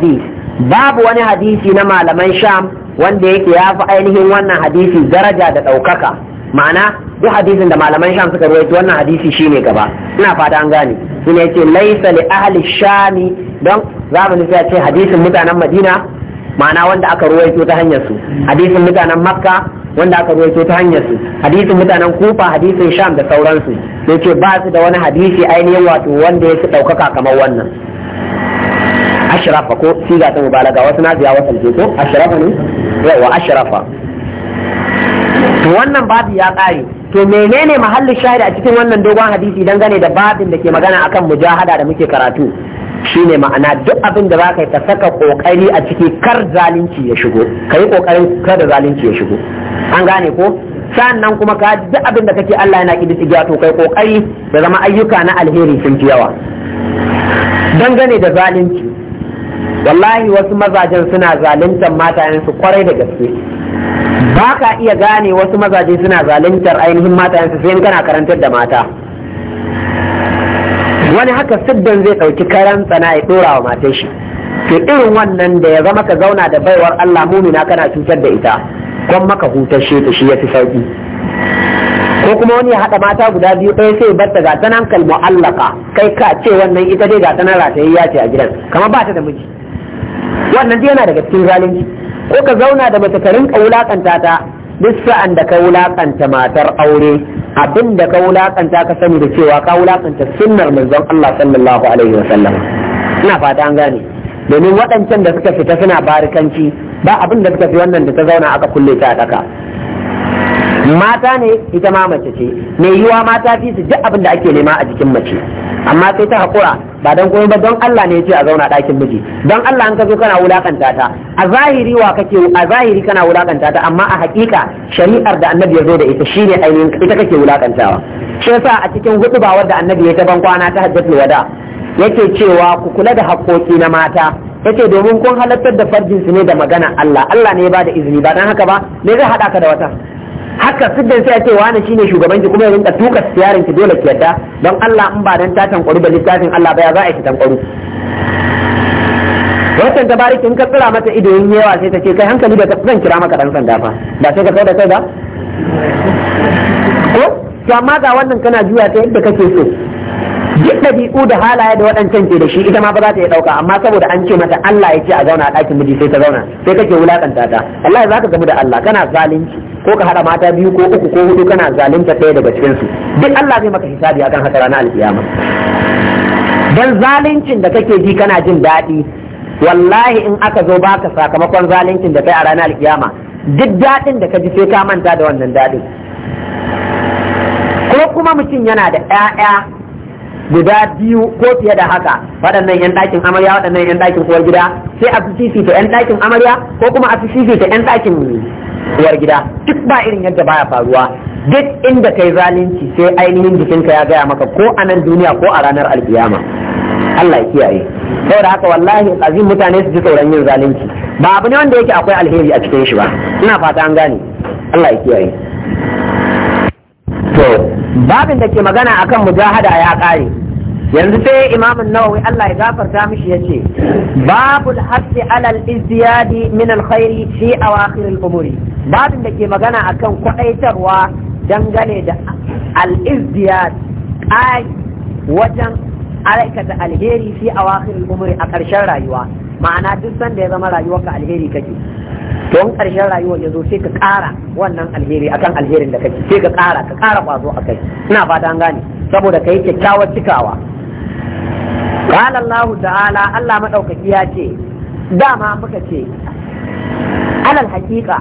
babu wani hadisi na malaman sham wanda yake ya fi ainihin wannan hadisi daraja da ɗaukaka ma'ana duk hadisin da malaman sham suka ruwaito wannan hadisi shine gaba ina fata an gane sun yace laisali li ahli shami don zamanin sai ce hadisin mutanen madina ma'ana wanda aka ruwaito ta hanyar su hadisin mutanen makka wanda aka rawaito ta hanyar su hadisin mutanen kufa hadisin sham da sauransu sai ce ba su da wani hadisi ainihin wato wanda ya fi ɗaukaka kamar wannan ashrafa ko siga ta mubalaga wasu na ziyawa wasu ko ashrafa ne yawa ashrafa to wannan babu ya ƙare to menene mahallin shahida a cikin wannan dogon hadisi dangane da babin da ke magana akan mujahada da muke karatu Shi ne ma'ana duk abin da zaka yi ka saka kokari a ciki kar zalunci ya shigo yi kokarin da zalunci ya shigo an gane ko sannan kuma ka duk abin da kake Allah yana kidi tsigiya to kai kokari da zama ayyuka na alheri sun fi yawa dangane da zalunci wallahi wasu mazajen suna zaluntar matayensu kwarai da gaske ba ka iya gane wasu mazaje suna zaluntar ainihin matayensu sai in kana karantar da mata wani haka siddan zai ɗauki karan tsana ya ɗora wa matar shi to irin wannan da ya zama ka zauna da baiwar Allah mumina kana cutar da ita kwan maka hutar shi ta shi ya fi sauki ko kuma wani ya haɗa mata guda biyu ɗaya sai bar ta gata nan kalmu allaka kai ka ce wannan ita dai gata nan ya ce a gidan kama ba ta da miji wannan dai yana daga cikin zalunci ko ka zauna da mace ka rinka wulakanta ta duk sa'an da ka wulakanta matar aure abin da ka wulakanta ka sani da cewa ka wulakanta sunnar manzon Allah sallallahu alaihi wa sallam ina fata an gane domin waɗancan da suka fita suna barikanci ba abin da suka fi wannan da ta zauna aka kulle ta daka mata ne ita ma mace ce mai yiwa mata fi su duk abin da ake nema a jikin mace amma sai ta haƙura ba don komai ba don Allah ne yace a zauna ɗakin miji don Allah an ka zo kana wulakanta ta a zahiri wa kake a zahiri kana wulakanta ta amma a hakika shari'ar da annabi ya zo da ita shine ainihin ita kake wulakantawa shi yasa a cikin hudubawar da annabi ya ta kwana ta hajjatul wada yake cewa ku kula da haƙƙoƙi na mata yace domin kun halartar da farjinsu ne da magana Allah Allah ne ya bada izini ba dan haka ba me zai haɗa ka da wata haka siddan sai a ce wani shine shugabanki kuma ya rinka tuka siyarin ki dole ki yadda don Allah in ba dan ta tankwaru da littafin Allah ba ya za a yi tankwaru watan ta bariki in ka tsira mata ido yin yawa sai ta ce kai hankali da zan kira maka dan sanda fa ba sai ka kauda kai ba ko to amma ga wannan kana juya ta yadda kake so duk ɗabi'u da halaye da waɗancan ke da shi ita ma ba za ta yi ɗauka amma saboda an ce mata Allah ya ce a zauna a ɗakin miji sai ta zauna sai kake wulaƙanta ta Allah za ka gamu da Allah kana zalunci ko ka haɗa mata biyu ko uku ko hudu kana zalunta ɗaya daga cikin su duk Allah zai maka hisabi akan haka ranar alƙiyama. dan zaluncin da kake ji kana jin daɗi wallahi in aka zo baka sakamakon zaluncin da kai a ranar alkiyama duk daɗin da ka ji sai ka manta da wannan daɗin ko kuma mutum yana da 'ya'ya guda biyu ko fiye da haka waɗannan yan ɗakin amarya waɗannan yan ɗakin uwar gida sai a fi fifita yan ɗakin amarya ko kuma a fi fifita yan ɗakin uwar gida duk ba irin yadda baya faruwa duk inda kai zalunci sai ainihin jikinka ya gaya maka ko a nan duniya ko a ranar alkiyama Allah ya kiyaye saboda haka wallahi azim mutane su ji tsoron yin zalunci ba abu ne wanda yake akwai alheri a cikin shi ba ina fata an gane Allah ya kiyaye to babin da ke magana akan mujahada ya kare yanzu sai imamun nawawi Allah ya gafarta mishi ya ce babul haqqi alal izdiyadi min alkhairi fi awakhir al-umuri babin da ke magana akan kwadaitarwa dangane da al-izdiyad ai wajen aikata alheri fi awakhir al-umuri a ƙarshen rayuwa ma'ana duk sanda ya zama rayuwarka alheri kake don ƙarshen rayuwar ya zo sai ka ƙara wannan alheri akan alherin da kake sai ka ƙara ka ƙara ƙwazo a kai ina fata an gane saboda ka yi kyakkyawar cikawa قال الله تعالى الله ما دوكaki ya ce dama muka ce alal haƙiƙa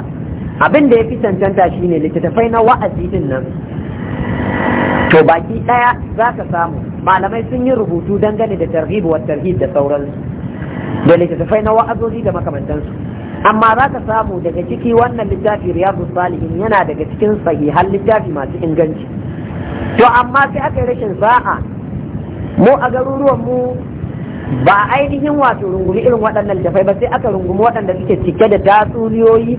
abin da ya fi cancanta shine littattafai na wa'azi nan to baki ɗaya za ka samu malamai sun yi rubutu dangane da tarhib wa tarhib da sauransu da littattafai na wa'azozi da makamantansu amma za ka samu daga ciki wannan littafi riyadu salihin yana daga cikin sahihan littafi masu inganci to amma sai aka yi rashin sa'a mu a garuruwan mu ba ainihin wato rungumi irin waɗannan littafai ba sai aka rungumi waɗanda suke cike da tatsuniyoyi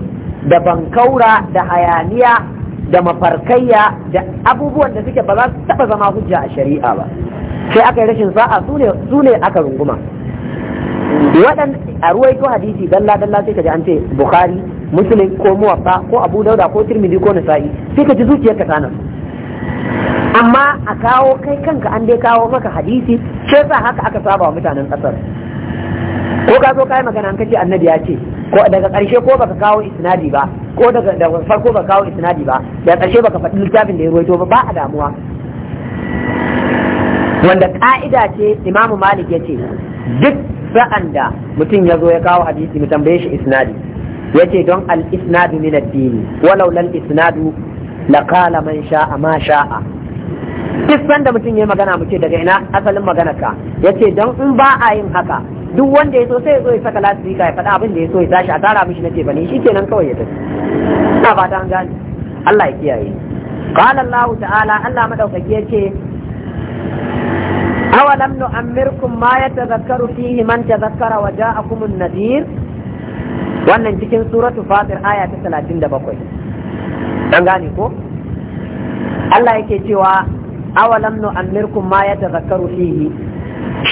da bankaura da hayaniya da mafarkayya da abubuwan da suke ba za su taɓa zama hujja a shari'a ba sai aka yi rashin sa'a su ne aka runguma waɗan a ko hadisi dalla dalla sai ka ji an ce bukhari muslim ko muwafa ko abu dauda ko tirmidhi ko nasa'i sai ka ji zuciyarka ta nan amma a kawo kai kanka an dai kawo maka hadisi ce sa haka aka saba wa mutanen kasar ko ka zo kai magana an kace annabi ya ce ko daga karshe ko baka kawo isnadi ba ko daga daga farko baka kawo isnadi ba da karshe baka faɗi littafin da ya ruwaito ba ba a damuwa wanda ka'ida ce imamu malik ya ce duk sa'an da mutum ya zo ya kawo hadisi mu tambaye shi isnadi ya ce don al isnadu min addini walau lal isnadu laqala man sha'a ma sha'a duk sanda mutum ya magana muke daga ina asalin magana ka ce don in ba a yin haka duk wanda ya so sai ya zo ya saka lasifika ya faɗa abin da ya so ya tashi a tara mishi nace bane kenan kawai ya tafi ina fata an gane Allah ya kiyaye qala Allah ta'ala Allah madaukaki yace awalam nu'ammirkum ma yatadhakkaru fihi man tadhakkara wa ja'akumun nadhir wannan cikin suratu fatir aya ta 37 an gane ko Allah yake cewa awalam nu amirkum ma ya tazakkaru fihi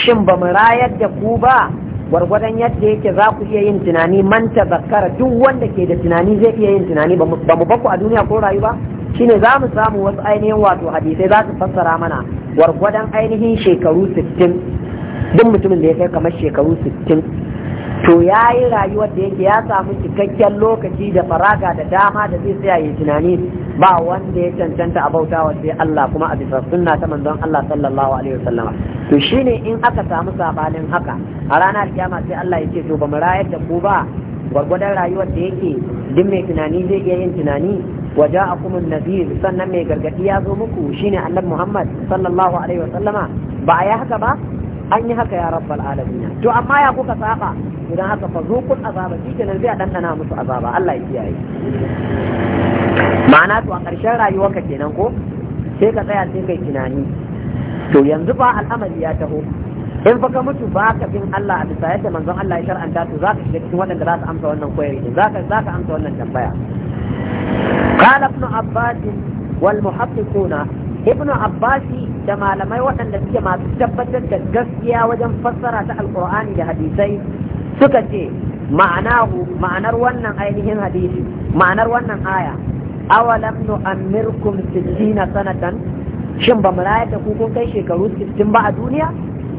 shin ba mu rayar da ku ba gwargwadon yadda yake za ku iya yin tunani man tazakkara duk wanda ke da tunani zai iya yin tunani ba mu baku a duniya ko rayu ba shine za mu samu wasu ainihin wato hadisai za su fassara mana gwargwadon ainihin shekaru sittin duk mutumin da ya kai kamar shekaru sittin. to ya yi rayuwar da yake ya samu cikakken lokaci da faraga da dama da zai tsaya ya tunani ba wanda ya cancanta a bautawa sai Allah kuma a bisa sunna ta manzon Allah sallallahu alaihi wasallam to shine in aka samu sabanin haka a ranar kiyama sai Allah ya ce to ba mu rayar da ku ba gwargwadon rayuwar da yake duk mai tunani zai iya yin tunani waje a kuma nazir sannan mai gargadi ya zo muku shine annabi Muhammad sallallahu alaihi wasallama ba a yi haka ba an yi haka ya rabbal alamin to amma ya kuka saba idan haka fa kun azaba shikenan zai dandana musu azaba Allah ya kiyaye ma'ana to a ƙarshen rayuwarka kenan ko sai ka tsaya sai kai tunani to yanzu ba al'amari ya taho in fa ka mutu ba ka bin Allah a bisa yadda manzon Allah ya shar'anta to za ka shiga cikin waɗanda za su amsa wannan koyari din za ka amsa wannan tambaya qala ibn abbas wal muhaqqiquna ibn abbasi da malamai waɗanda suke masu tabbatar da gaskiya wajen fassara ta Alƙur'ani da hadisai suka ce ma'anahu ma'anar wannan ainihin hadisi ma'anar wannan aya awalam nu'ammirkum 60 sanatan shin ba mu rayar da ku kun kai shekaru 60 ba a duniya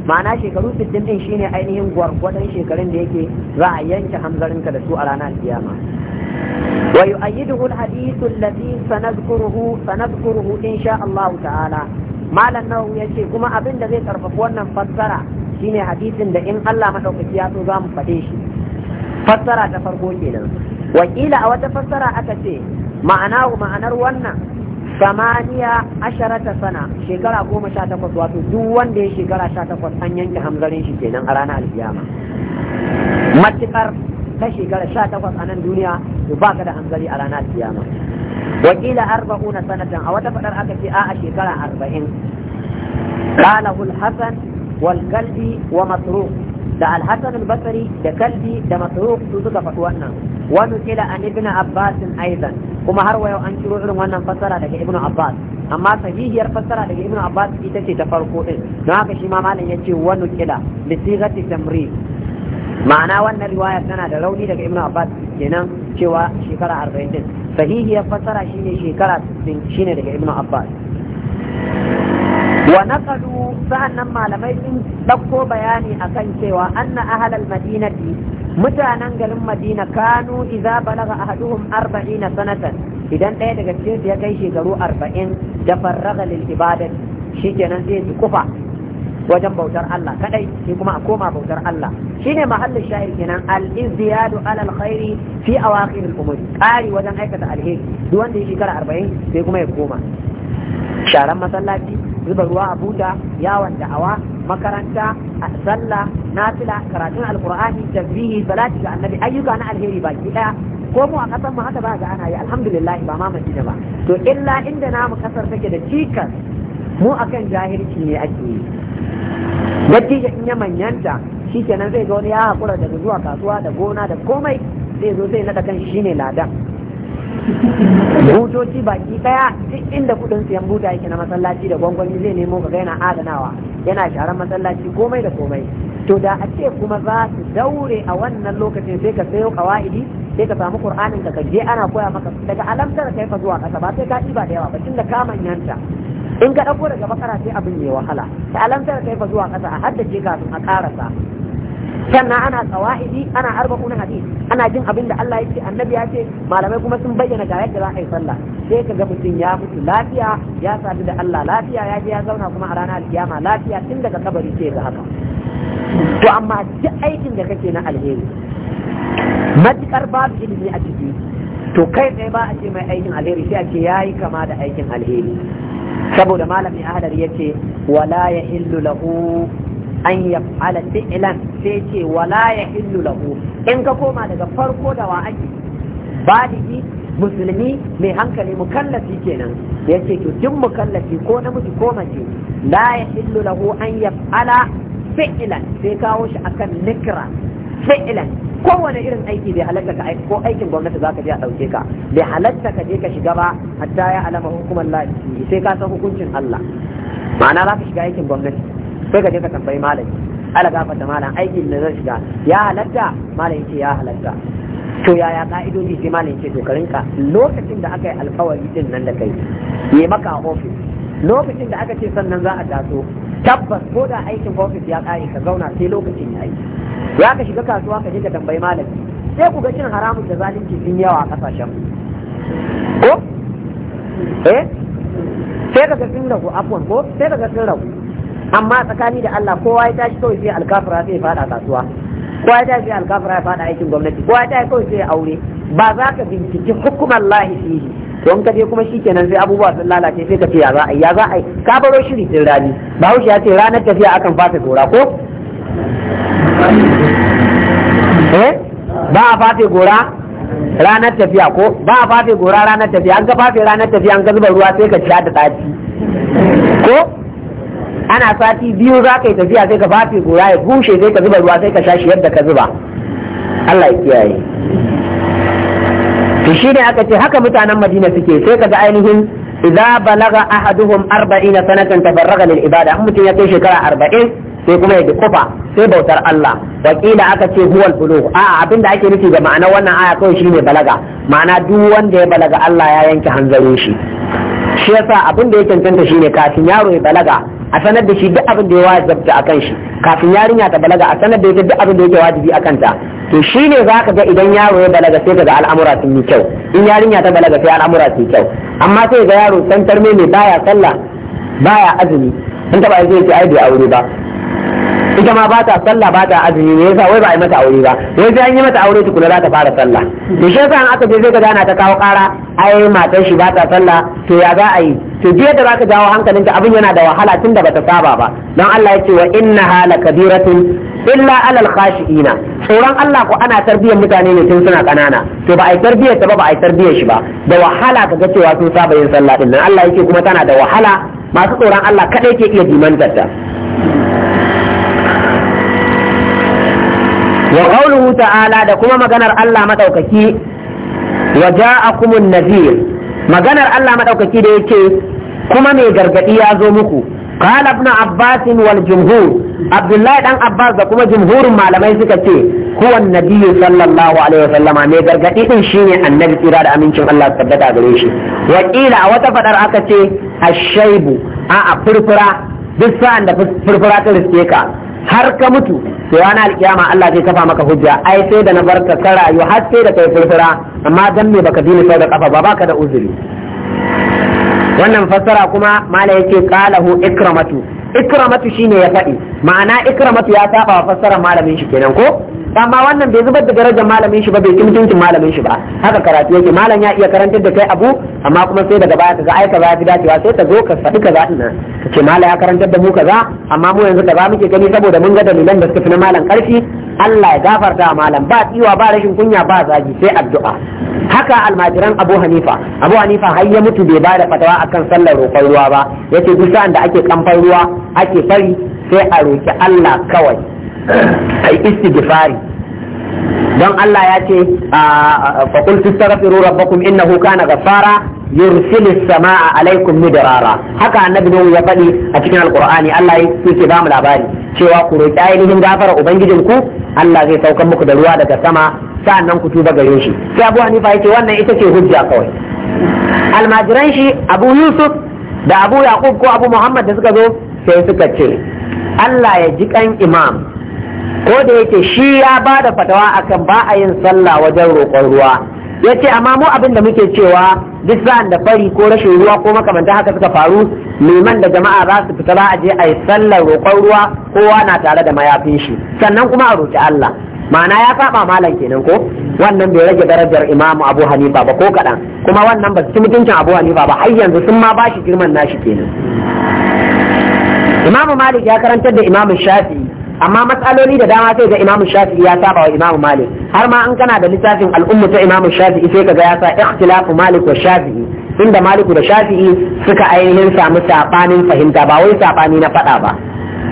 ma'ana shekaru 60 din shine ainihin gwargwadon shekarun da yake za a yanke hanzarinka da su a ranar kiyama wa yu'ayyiduhu al-hadithu alladhi sanadhkuruhu sanadhkuruhu insha Allah ta'ala malam nawawi ya ce kuma abin da zai karfafa wannan fassara shine hadisin da in Allah madaukaki ya so za mu faɗe shi fassara ta farko kenan wakila a wata fassara aka ce ma'ana ma'anar wannan samaniya asharata sana shekara goma sha takwas wato duk wanda ya shekara sha takwas an yanke hamzarin shi kenan a ranar alkiyama matukar ta shekara sha takwas a nan duniya to baka da hamzari a ranar alkiyama wakila arba'una sanatan a wata fadar aka ce a shekara arba'in qalahu al-hasan wal kalbi wa masruq da al-hasan al-basri da kalbi da masruq su suka faɗi wannan wa nukila an ibn abbas aidan kuma har wayo an kiro irin wannan fassara daga ibn abbas amma sahihiyar fassara daga ibn abbas ita ce ta farko din don haka shi ma malam yace wa nukila bi sighati tamrid ma'ana wannan riwaya tana da rauni daga ibn abbas kenan cewa shekara 40 din sahihiyar fassara shine shekara 60 shine daga ibnu abbas wa naqalu sa'annan malamai sun dauko bayani akan cewa anna ahlal madinati mutanen garin madina kanu idza balaga ahaduhum 40 sanatan idan ɗaya daga cikin ya kai shekaru 40 da farraga lil ibadati shikenan sai kufa wajen bautar Allah kadai shi kuma a koma bautar Allah shine mahallin shayin kenan al-izdiyadu ala al-khairi fi awaqir al-umur kari wajen aikata alheri duk wanda ya shekara 40 sai kuma ya koma sharan masallaci zuba ruwa a buta yawon da'awa makaranta sallah nafila karatun alqur'ani tasbihi salati ga annabi ayyuka na alheri baki daya ko mu a kasar mu haka ba ga ana yi alhamdulillah ba ma madina ba to illa inda namu kasar take da cikas mu akan jahilci ne ake yi dattijo in ya manyanta shi kenan zai ga wani ya hakura daga zuwa kasuwa da gona da komai zai zo zai naɗa kan shi ne ladan butoci baki ɗaya duk inda kuɗin siyan buta yake na masallaci da gwangwani zai nemo kaga yana adanawa yana sharan masallaci komai da komai to da a ce kuma za su daure a wannan lokacin sai ka sayo kawaidi sai ka samu qur'anin ka je ana koya maka daga alamtar kai fa zuwa kasa ba sai ka ba da yawa ba tunda ka manyanta in ka ɗauko daga makara sai abin ya wahala ta alamtar kai fa zuwa ƙasa a haddace kafin a ƙarasa sannan ana tsawa'idi ana arba'una hadisi ana jin abin da Allah ya ce annabi ya ce malamai kuma sun bayyana ga yadda za a yi sallah sai ka ga mutum ya mutu lafiya ya sadu da Allah lafiya ya je ya zauna kuma a ranar alkiyama lafiya tun daga kabari sai ga haka to amma duk aikin da kake na alheri matukar babu ilimi a ciki to kai tsaye ba a ce mai aikin alheri sai a ce yayi kama da aikin alheri saboda malamin ahadar ya ce wala ya hillu lahu an ya ala fi'lan sai ce wala ya hillu lahu in ka koma daga farko da wa ake baligi musulmi mai hankali mukallafi kenan ya ce to duk mukallafi ko namiji ko mace la ya hillu lahu an ya ala fi'lan sai kawo shi akan nikra fi'lan kowane irin aiki bai halatta ka ko aikin gwamnati za ka je a ɗauke ka bai halatta ka je ka shiga ba hatta ya alama hukumar lafi sai ka san hukuncin Allah ma'ana za ka shiga aikin gwamnati sai ka je ka tambayi malami ala gafa da malam aikin da zan shiga ya halatta malam ce ya halatta to yaya ka'idoji sai malam ce to karinka lokacin da aka yi alkawari din nan da kai yi maka a ofis lokacin da aka ce sannan za a taso tabbas ko da aikin ofis ya kare ka zauna sai lokacin ya yi ya ka shiga kasuwa ka je ka tambayi malami sai ku ga cin haramun da zalunci sun yawa a kasashen ko eh sai ka ga sun ragu afwan ko sai ka ga sun ragu amma tsakani da Allah kowa ya tashi kawai sai alkafira sai ya fada kasuwa kowa ya tashi sai alkafira ya fada aikin gwamnati kowa ya tashi kawai sai ya aure ba za ka binciki hukumar lahi fihi to in ka je kuma shikenan sai abubuwa sun lalace sai ka ce ya za a ya za a ka baro shiri tun rani bahaushe ya ce ranar tafiya akan fata gora ko eh ba a fata gora ranar tafiya ko ba a fafe gora ranar tafiya an ga fafe ranar tafiya an ga zuba ruwa sai ka ci da sati ko ana sati biyu za ka yi tafiya sai ka fafe gora ya bushe sai ka zuba ruwa sai ka sha shi yadda ka zuba Allah ya kiyaye to shi ne aka ce haka mutanen madina suke sai kaga ainihin idza balaga ahaduhum 40 sanatan tafarraga lil ibada an mutum ya kai shekara 40 sai kuma ya kufa sai bautar Allah wakila aka ce huwal bulugh a abinda ake nufi da ma'ana wannan aya kawai shine balaga ma'ana duk wanda ya balaga Allah ya yanke hanzarin shi shi yasa abin da ya cancanta shine kafin yaro ya balaga a sanar da shi duk abin da ya wajibta kan shi kafin yarinya ta balaga a sanar da ya duk abin da yake wajibi a kanta to shine zaka ga idan yaro ya balaga sai ga al'amura sun yi kyau in yarinya ta balaga sai al'amura sun yi kyau amma sai ga yaro san tarme ne baya sallah baya azumi in taba zai ce ai bai aure ba ita ma ba ta sallah ba ta azumi ne yasa wai ba a yi mata aure ba wai sai an yi mata aure tukuna za ta fara sallah to shi yasa aka je zai ga dana ta kawo kara ai matar shi ba ta sallah to ya za a yi to jiya da zaka jawo hankalinta abin yana da wahala tun da bata saba ba don Allah ya ce wa hala lakabiratun illa alal khashiina tsoron Allah ko ana tarbiyyar mutane ne tun suna kanana to ba a yi tarbiyyar ta ba ba a yi tarbiyyar shi ba da wahala ka ga cewa sun saba yin sallah din nan Allah yake kuma tana da wahala masu tsoron Allah kadai ke iya dimantar ta wa qawluhu ta'ala da kuma maganar Allah madaukaki wa ja'akumun nadhir maganar Allah madaukaki da yake kuma mai gargadi ya zo muku qala ibn abbas wal jumhur abdullahi dan abbas da kuma jumhurin malamai suka ce huwa annabi sallallahu alaihi wasallam mai gargadi din shine annabi tsira da amincin Allah tabbata gare shi wa qila a wata fadar aka ce ashaibu a a furfura duk sa'an da furfura ta riske ka har ka mutu to ranar alkiyama Allah zai kafa maka hujja ai sai da na barka ka rayu har sai da kai furfura amma dan me baka dina sau da kafa ba baka da uzuri wannan fassara kuma mala yake qalahu ikramatu ikramatu shine ya faɗi ma'ana ikramatu ya saba wa fassarar malamin shi kenan ko amma wannan bai zubar da darajar malamin shi ba bai mutuncin malamin shi ba haka karatu yake malam ya iya karantar da kai abu amma kuma sai daga baya ka ai kaza ya fi dacewa sai ta zo ka faɗi kaza ina ka ce malam ya karantar da mu kaza amma mu yanzu kaza muke gani saboda mun ga dalilan da suka fi na malam karfi Allah ya gafarta malam ba tsiwa ba rashin kunya ba zagi sai addu'a haka almajiran Abu Hanifa Abu Hanifa har ya mutu bai ba da fatawa akan sallar roƙon ruwa ba yace duk sa'an da ake kamfan ruwa ake fari sai a roki Allah kawai ai istighfari don Allah ya ce ah, ah, fa qul tastaghfiru rabbakum innahu kana gafara yursilis samaa alaikum midrara haka annabi nuhu ya faɗi a cikin alqur'ani Allah yake ba mu labari cewa ku roki ainihin gafara ku Allah zai saukar muku da ruwa daga sama sa'annan ku tuba gare shi sai Abu Hanifa ce wannan ita ce hujja kawai almajiran shi Abu Yusuf da Abu Yaqub ko Abu Muhammad da suka zo sai suka ce Allah ya jikan imam ko da yake shi ya ba da fatawa akan ba a yin sallah wajen roƙon ruwa ya ce amma mu abin da muke cewa duk sa'an da fari ko rashin ruwa ko makamanta haka suka faru liman da jama'a za su fita za a je a yi sallar roƙon ruwa kowa na tare da mayafin shi sannan kuma a roƙi Allah ma'ana ya saba malam kenan ko wannan bai rage darajar imamu abu hanifa ba ko kaɗan kuma wannan ba su ci mutuncin abu hanifa ba har yanzu sun ma ba shi girman nashi kenan imamu malik ya karantar da imamu shafi'i amma matsaloli da dama sai ga imamu shafi'i ya saba wa imamu malik har ma an kana da littafin al'ummu ta imamu shafi'i sai kaga ya sa ikhtilafu malik wa shafi'i inda maliku da shafi'i suka ainihin samu sabanin fahimta ba wai sabani na fada ba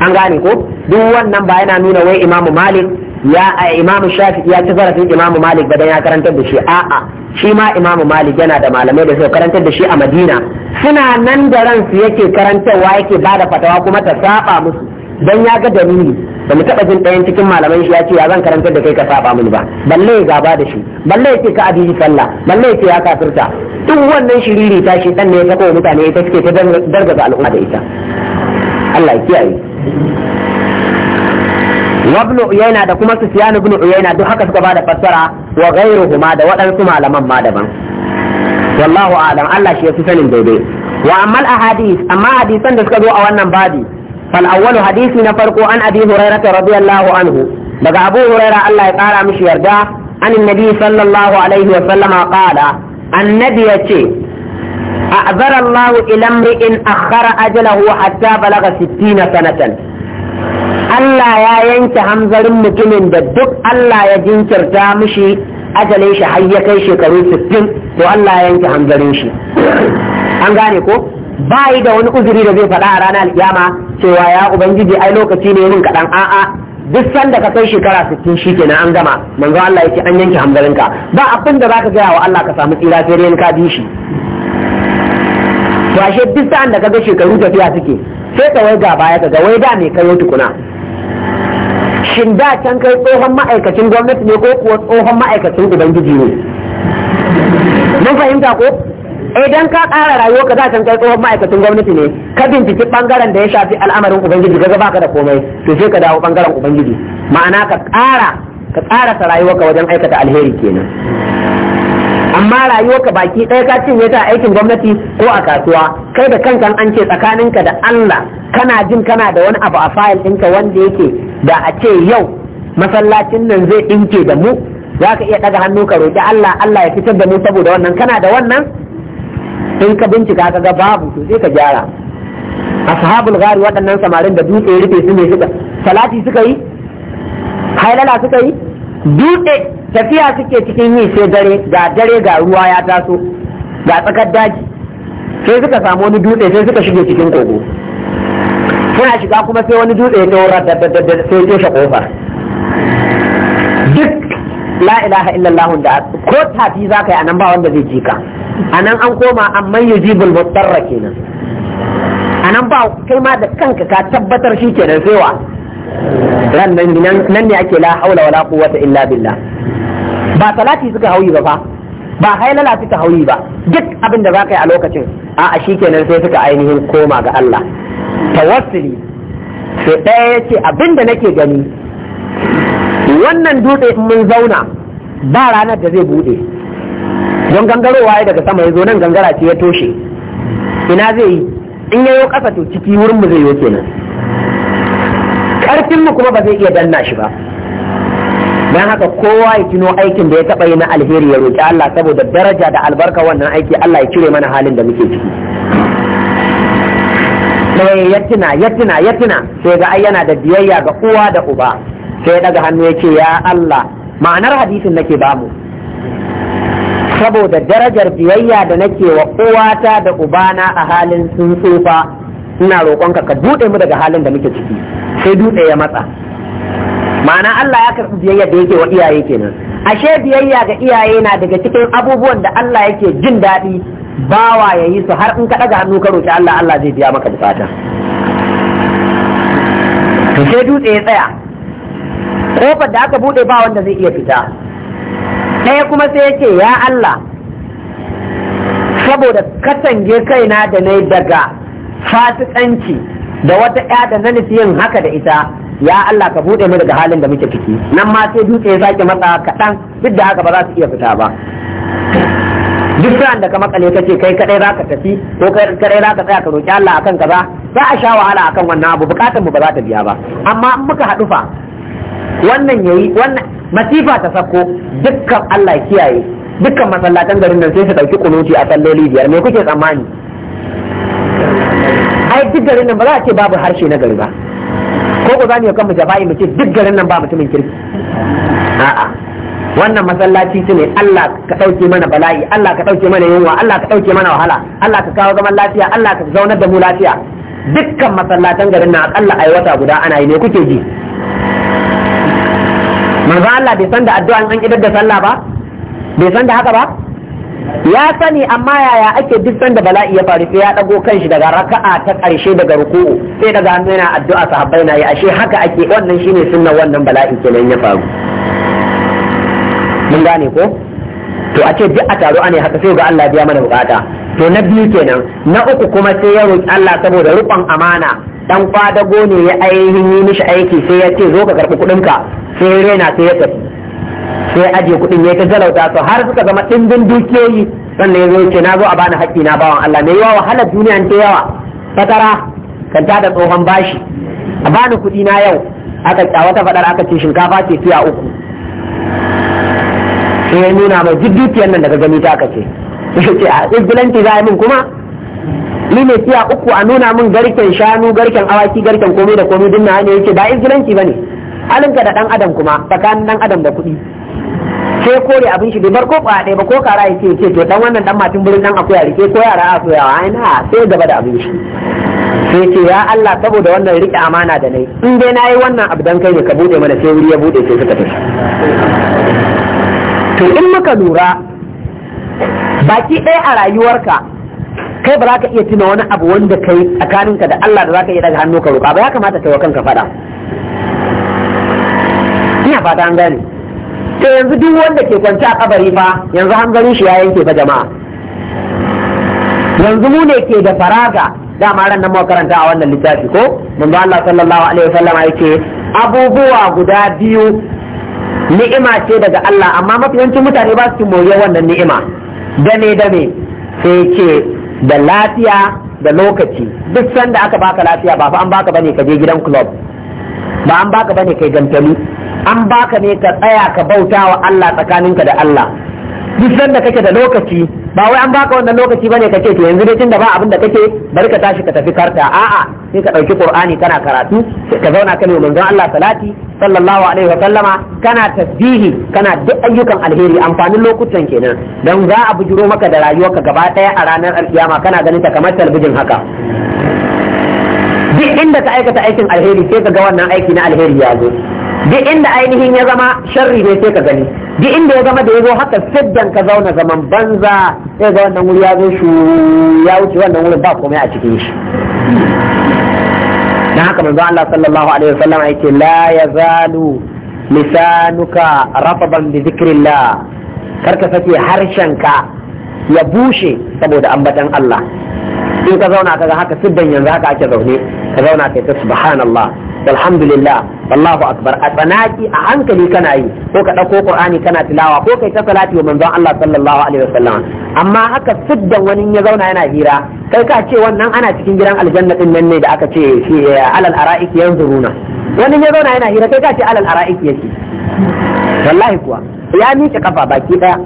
an gane ko duk wannan ba yana nuna wai imamu malik ya a imamu shafi'i ya ci zarafin imamu malik ba dan ya karantar da shi a'a shi ma imamu malik yana da malamai da suka karantar da shi a madina suna nan da ransu yake karantarwa yake bada fatawa kuma ta saba musu dan ya ga dalili ba mu taɓa jin ɗayan cikin malaman shi ya ce ya zan karantar da kai ka saba mini ba balle ya gaba da shi balle ya ce ka abiyi sallah balle ya ce ya kafirta duk wannan shiriri ta shi ɗan ne ya wa mutane ita suke ta dargaza al'umma da ita Allah ya kiyaye wabnu uyaina da kuma sufyan ibn uyaina duk haka suka bada fassara wa ghayruhuma da waɗansu malaman ma daban wallahu a'lam Allah shi ya fi sanin daidai wa amma al-ahadith amma hadisan da suka zo a wannan babi fal hadisi na farko an abi hurairah radiyallahu anhu daga abu hurairah Allah ya kara mishi yarda an annabi sallallahu alaihi wa sallama qala annabi yace أعذر الله إلى امرئ أخر أجله حتى بلغ ستين سنة Allah ya yanke hamzarin mutumin da duk Allah ya jinkirta mishi ajalin shi har ya kai shekaru sittin to Allah ya yanke hamzarin shi an gane ko ba yi da wani uzuri da zai faɗa a ranar alkiyama cewa ya ubangiji ai lokaci ne yin kaɗan a'a duk sanda ka kai shekara 60 shi kenan an gama manzo Allah yake an yanke ka ba abin da zaka gaya wa Allah ka samu tsira sai ka bi shi to ashe duk sa'an da kaga shekaru tafiya suke sai ka waiga baya kaga wai da me kayo tukuna shin da can kai tsohon ma'aikacin gwamnati ne ko kuwa tsohon ma'aikacin ubangiji ne mun fahimta ko idan ka kara rayuwa ka za ka kai tsohon ma'aikacin gwamnati ne ka binciki bangaren da ya shafi al'amarin ubangiji kaga baka da komai to sai ka dawo bangaren ubangiji ma'ana ka ƙara ka ƙara ta rayuwarka wajen aikata alheri kenan amma ka baki ɗaya ka cinye ta aikin gwamnati ko a kasuwa kai da kanka an ce tsakaninka da Allah kana jin kana da wani abu a fayil ɗinka wanda yake da a ce yau masallacin nan zai ɗinke da mu za ka iya ɗaga hannu ka roƙi Allah Allah ya fitar da mu saboda wannan kana da wannan in ka bincika ka ga babu to sai ka gyara ashabul ghari waɗannan samarin da dutse ya rufe su ne suka salati suka yi hailala suka yi dutse tafiya suke cikin yi sai dare ga dare ga ruwa ya taso ga tsakar daji sai suka samu wani dutse sai suka shige cikin kogo suna shiga kuma sai wani dutse ya taura da sai toshe kofar duk la ilaha illallah da ko tafi za ka yi a nan ba wanda zai ji ka anan an koma manya yujibul mutarra kenan anan ba kai ma da kanka ka tabbatar shi ke da zewa ran nan ne ake la haula wala quwwata illa billah ba salati suka hauyi ba fa ba hailala suka hauyi ba duk abin da za yi a lokacin a a kenan sai suka ainihin koma ga Allah tawassuli sai ɗaya ya ce abin da nake gani wannan dutse mun zauna ba ranar da zai bude. don gangarowa ya daga sama ya zo nan gangara ce ya toshe ina zai yi in yayo kasa to ciki wurin mu zai yo kenan karfin mu kuma ba zai iya danna shi ba dan haka kowa ya tuno aikin da ya taba yi na alheri ya roki Allah saboda daraja da albarka wannan aiki Allah ya cire mana halin da muke ciki sai ya tuna ya tuna ya tuna sai ga ayyana da biyayya ga uwa da uba sai ya daga hannu ya ce ya Allah ma'anar hadisin nake bamu saboda darajar biyayya da nake wa uwata da ubana a halin sun tsufa ina roƙonka ka buɗe mu daga halin da muke ciki sai dutse ya matsa ma'ana Allah ya karɓi biyayya da yake wa iyaye kenan ashe biyayya ga iyaye na daga cikin abubuwan da Allah yake jin daɗi bawa ya yi su har in ka ɗaga hannu ka roƙi Allah Allah zai biya maka bukata to sai dutse ya tsaya kofar da aka buɗe ba wanda zai iya fita ɗaya kuma sai ya ce ya Allah saboda katange kaina da na daga fasikanci da wata ya da na nufi yin haka da ita ya Allah ka buɗe mu daga halin da muke ciki nan ma sai dutse ya sake matsa kaɗan duk da haka ba za su iya fita ba duk sa'an da ka makale ka ce kai kadai za ka tafi ko kai kadai za ka tsaya ka roki Allah akan kaza za a sha wahala akan wannan abu bukatar mu ba za ta biya ba amma in muka haɗu fa wannan yayi wannan masifa ta sako dukkan Allah kiyaye dukkan masallatan garin nan sai su ɗauki kunuti a salloli biyar me kuke tsammani ai duk garin nan ba za a ce babu harshe na gari ba ko ko za mu yi kanmu jaba'i mu ce duk garin nan ba mutumin kirki a'a wannan masallaci ne Allah ka ɗauke mana bala'i Allah ka ɗauke mana yunwa Allah ka ɗauke mana wahala Allah ka kawo zaman lafiya Allah ka zaunar da mu lafiya dukkan masallatan garin nan akalla ai wata guda ana yi ne kuke ji manzo Allah bai san da addu'a an kidar da sallah ba bai san da haka ba ya sani amma yaya ake duk sanda bala'i ya faru sai ya dago kanshi daga raka'a ta karshe daga ruku'u sai daga hannu yana addu'a sahabbai na yi ashe haka ake wannan shine sunnan wannan bala'i kenan ya faru mun gane ko to a ce duk a taro ana haka sai ga Allah biya mana bukata to na biyu kenan na uku kuma sai ya roki Allah saboda rukun amana dan kwadago ne ya ainihin yi mishi aiki sai ya ce zo ka karɓi kuɗinka sai raina sai ya tafi sai aje kuɗin ya ta galauta su har suka zama ɗimbin dukiyoyi sannan ya zo ce na zo a bani haƙƙi na bawan Allah mai yawa wahalar duniya ta yawa fatara kan ta da tsohon bashi a bani kuɗi na yau aka wata faɗar aka ce shinkafa ce tiya uku sai ya nuna mai duk dukiyar nan daga gani ta aka ce ya ce a izgilanci za a min kuma ni ne tiya uku a nuna min garken shanu garken awaki garken komai da komai duk na ne ya ce ba izgilanci ba ne halinka da dan adam kuma tsakanin dan adam da kuɗi sai kore abin shi bai bar ko ɗaya ba ko kara ya ce ce to dan wannan dan matin burin dan akuya rike ko yara a ina sai gaba da abin shi sai ce ya Allah saboda wannan rike amana da nai, in dai nayi wannan abu dan kai ne ka bude mana sai wuri ya bude sai suka tafi to in muka lura baki ɗaya a rayuwarka kai ba za ka iya tuna wani abu wanda kai tsakaninka da Allah da za ka iya daga hannu ka roƙa ba ya kamata ta wa kanka faɗa ina fata an gane to yanzu duk wanda ke kwance a kabari fa yanzu gani shi ya yanke ba jama'a yanzu mu ne ke da faraga da ma ran nan makaranta a wannan littafi ko mun ba Allah sallallahu alaihi wasallam yake abubuwa guda biyu ni'ima ce daga Allah amma mafiyancin mutane ba su moye wannan ni'ima da ne sai ce da lafiya da lokaci duk sanda aka baka lafiya ba fa an baka bane ka je gidan club ba an baka bane kai gantali an baka ne ka tsaya ka bauta wa Allah tsakaninka da Allah duk sanda kake da lokaci ba wai an baka wannan lokaci bane kake to yanzu dai tunda ba abin da kake bari ka tashi ka tafi karta a'a sai ka dauki qur'ani kana karatu ka zauna kana manzon Allah salati sallallahu alaihi wa sallama kana tasbihi kana duk ayyukan alheri amfanin lokutan kenan dan za a bujiro maka da rayuwarka gaba daya a ranar alkiyama kana ganin ta kamar talbijin haka duk inda ka aikata aikin alheri sai ka ga wannan aiki na alheri ya zo duk inda ainihin ya zama sharri ne sai ka gani duk inda ya zama da ya zo haka siddan ka zauna zaman banza sai ga wannan wuri ya zo shu ya wuce wannan wurin ba komai a cikin shi dan haka manzo Allah sallallahu alaihi wasallam yake la yazalu lisanuka rafaban bi zikrillah karka sake harshen ka ya bushe saboda ambatan Allah in ka zauna kaga haka siddan yanzu haka ake zaune ka zauna kai ta subhanallah alhamdulillah wallahu akbar a tsanaki a hankali kana yi ko ka dauko qur'ani kana tilawa ko kai ta salati wa manzon Allah sallallahu alaihi wasallam amma haka siddan wani ya zauna yana hira kai ka ce wannan ana cikin gidan aljanna din nan ne da aka ce shi eh, alal yanzuruna wani ya zauna yana hira kai ka ce alal yake wallahi kuwa ya miƙe kafa baki daya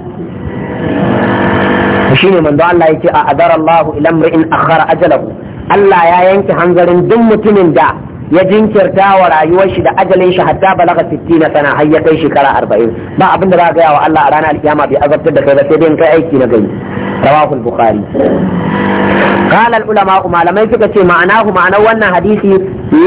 to shine manzo Allah yake a adara Allahu ila imrin akhara ajalahu Allah ya yanke hanzarin duk mutumin da ya jinkirta wa rayuwar shi da ajalin shi hatta balaga 60 sana har ya kai shekara 40 ba abin da za ga wa Allah a ranar alkiyama bai azabtar da kai ba sai dai kai aiki na gari rawahu al-bukhari قال العلماء ما لم يفك معناه معنى وانا حديثي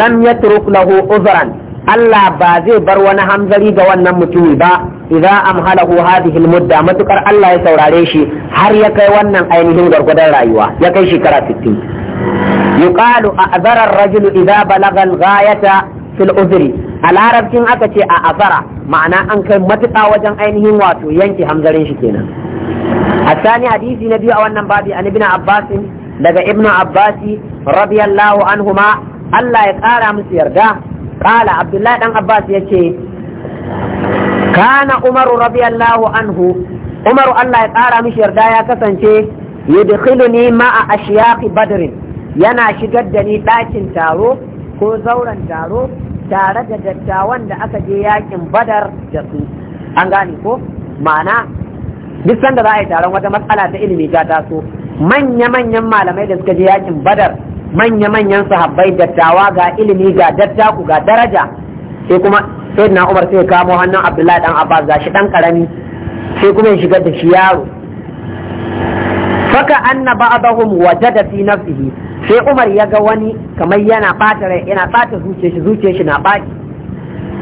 لم يترك له عذرا Allah ba zai bar wani hamzari ga wannan mutumi ba idza amhalahu hadhihi almudda matukar Allah ya saurare shi har ya kai wannan ainihin gargwadon rayuwa ya kai shekara 60 yuqalu a'zara ar-rajulu idza balagha al-ghayata fil uzri a larabcin aka ce a azara ma'ana an kai matuƙa wajen ainihin wato yanke hamzarin shi kenan asani hadisi na biyu a wannan babi an ibn abbas daga ibnu abbasi radiyallahu anhuma Allah ya ƙara musu yarda qala abdullahi dan abbas ya ce kana umaru radiyallahu anhu umaru Allah ya tsara mishi yarda ya kasance yudkhiluni ma'a ashyaqi badrin yana shigar da ni ɗakin taro ko zauren taro tare da dattawan da aka je yakin badar da su an gane ko ma'ana duk sanda za a yi taron wata matsala ta ilimi ta taso manya-manyan malamai da suka je yakin badar manya-manyan sahabbai dattawa ga ilimi ga dattaku ga daraja sai kuma sai na umar sai kamo hannun abdullahi dan abbas ga shi dan karami sai kuma ya shigar da shi yaro faka anna ba'dahum wajada fi nafsihi sai umar ya ga wani kamar yana bata rai yana bata shi shi na baki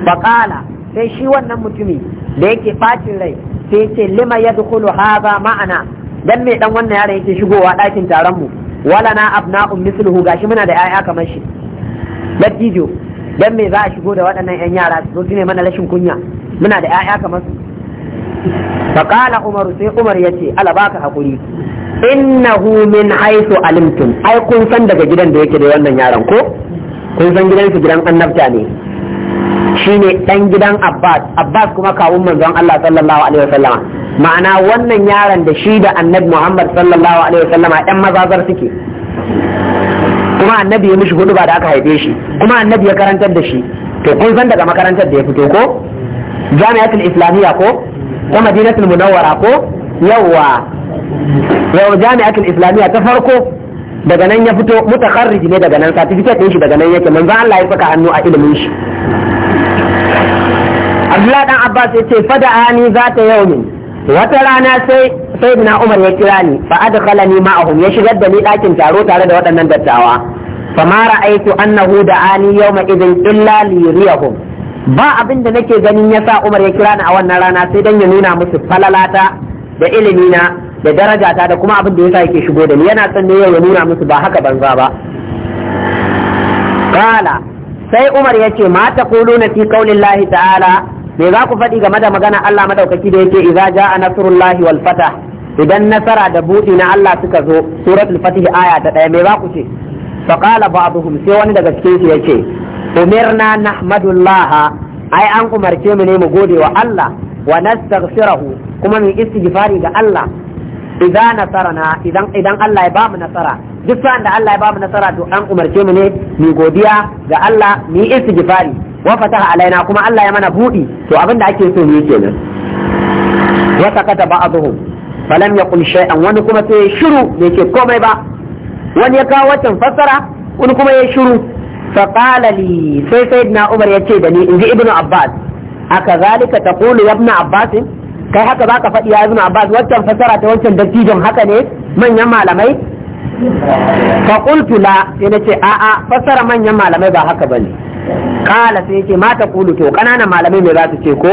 faqala sai shi wannan mutumi da yake bacin rai sai ce lima yadkhulu hadha ma'ana dan me dan wannan yaron yake shigowa dakin taron mu wala na abna'un misluhu gashi muna da 'ya'ya kamar shi lattijo dan me za a shigo da waɗannan 'yan yara su mana rashin kunya muna da 'ya'ya kamar su faqala umaru sai umar yace ala baka hakuri innahu min haythu alimtum ai kun san daga gidan da yake da wannan yaran ko kun san gidan su gidan annabta ne shine dan gidan abbas abbas kuma kawun manzon Allah sallallahu alaihi wasallam ma'ana wannan yaron da shi da annabi muhammad sallallahu alaihi a yan mazazar suke kuma annabi ya mishi hudu ba da aka haife shi kuma annabi ya karantar da shi to kun san daga makarantar da ya fito ko jami'atul islamiyya ko ko madinatul munawwara ko yawwa yau jami'atul islamiyya ta farko daga nan ya fito mutakarrij ne daga nan certificate din shi daga nan yake manzo Allah ya saka hannu a ilimin shi Abdullahi dan Abbas yace fada'ani zata yawmin. wata rana sai sai na umar ya kira ni fa adkhala ni ma'ahum ya shigar da ni ɗakin taro tare da waɗannan dattawa fa ma ra'aytu annahu da'ani yawma idhin illa li yuriyahum ba abin da nake ganin yasa umar ya kira ni a wannan rana sai dan ya nuna musu falalata da ilimina da darajata da kuma abin da ya yasa yake shigo da ni yana son ne ya nuna musu ba haka banza ba qala sai umar yace ma taquluna fi qaulillahi ta'ala me za ku faɗi game da magana Allah madaukaki da yake idza jaa nasrullahi wal fatah idan nasara da buɗi na Allah suka zo suratul fatih aya ta ɗaya me za ku ce fa qala ba'dhum sai wani daga cikin su yace umirna nahmadullah ai an umarce mu ne mu gode wa Allah wa nastaghfirahu kuma mu istighfari ga Allah idza nasarana idan idan Allah ya bamu nasara duk sa'an da Allah ya bamu nasara to an umarce mu ne mu godiya ga Allah mu istighfari wa fataha alaina kuma Allah ya mana buɗi, to abin da ake so ne kenan wa sakata ba'dhum falam yaqul shay'an wani kuma sai ya shiru bai ce komai ba wani ya kawo watan fassara wani kuma ya shiru fa li sai sayyidina Umar ya ce da ni inji ibnu Abbas aka zalika taqulu ya ibnu Abbas kai haka zaka faɗi ya ibnu Abbas waccan fassara ta wancan dattijon haka ne manyan malamai fa qultu la sai nace a'a fassara manyan malamai ba haka bane kala sai ce mata kulu to kananan malamai me za su ce ko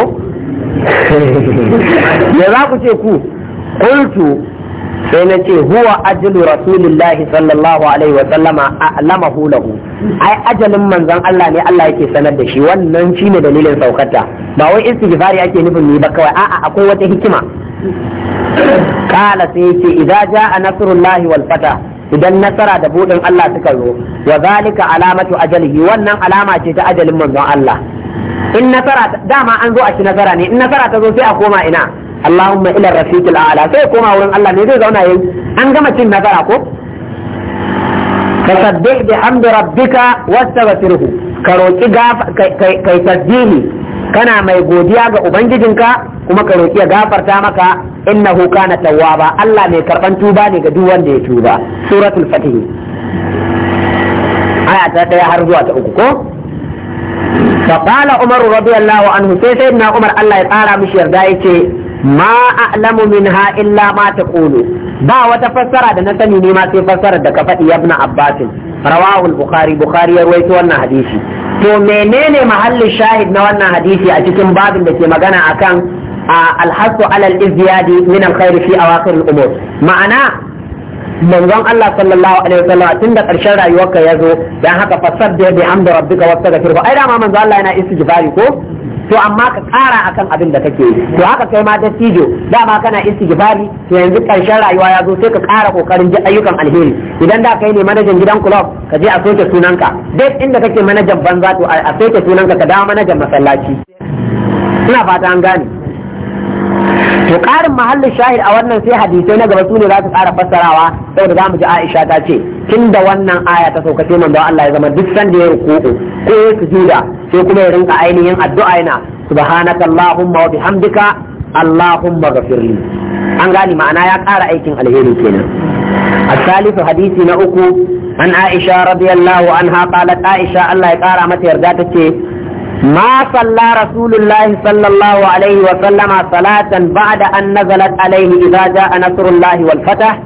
me za ku ce ku Kultu? sai na ce huwa ajalu rasulillahi sallallahu alaihi wa sallama a'lamahu hulahu. ai ajalin manzon Allah ne Allah yake sanar da shi wannan shine dalilin saukata ba wai istighfari ake nufin ni ba kawai a'a akwai wata hikima kala sai yace idza jaa nasrullahi wal Fata. idan nasara da buɗin Allah suka zo wa zalika alamatu ajalihi wannan alama ce ta ajalin manzon Allah in nasara dama an zo a ci nasara ne in nasara ta zo sai a koma ina Allahumma ila rafiqil a'la sai koma wurin Allah ne zai zauna yayi an gama cin nasara ko fasabbih bihamdi rabbika wastaghfirhu ka roki kai tasbihi kana mai godiya ga ubangijinka kuma ka roki ya gafarta maka innahu kana tawwaba Allah mai karban tuba ne ga duk wanda ya tuba suratul fatih aya ta har zuwa ta uku ko فقال عمر رضي الله عنه سيدنا عمر الله يقارى مش يرضى ما أعلم منها إلا ما تقول با وتفسر هذا نسني نما تفسر دكفت يا ابن عباس رواه البخاري بخاري يروي wannan hadisi to menene mahallin shahid na wannan hadisi a cikin babin da ke magana akan alhasu alal izyadi min alkhairi fi awakhir al-umur ma'ana manzon Allah sallallahu alaihi wasallam tun da ƙarshen rayuwarka ya zo dan haka fasar da bi hamdu rabbika wastaghfir ai dama manzon Allah yana istighfari ko to amma ka ƙara akan abin da kake yi to haka kai ma dattijo dama kana istighfari to yanzu karshen rayuwa ya zo sai ka ƙara kokarin ji ayyukan alheri idan da kai ne manajan gidan kulob, ka je a soke sunanka duk inda kake manajan banza to a soke sunanka ka dawo manajan masallaci ina fata an gane to karin mahallin shahid a wannan sai hadisai na gaba sune za su fara fassarawa saboda zamu ji Aisha ta ce tun da wannan aya ta sauka sai manzo Allah ya zama duk sanda ya ruku ko ya sujuda sai kuma ya rinka ainihin addu'a yana subhanaka allahumma wa bihamdika allahumma ghafirli an gane ma'ana ya ƙara aikin alheri kenan الثالث حديث نأكو عن عائشة رضي الله عنها قالت عائشة الله mata متى يرجعتك ما صلى رسول الله صلى الله عليه وسلم صلاة بعد أن نزلت عليه إذا جاء نصر الله والفتح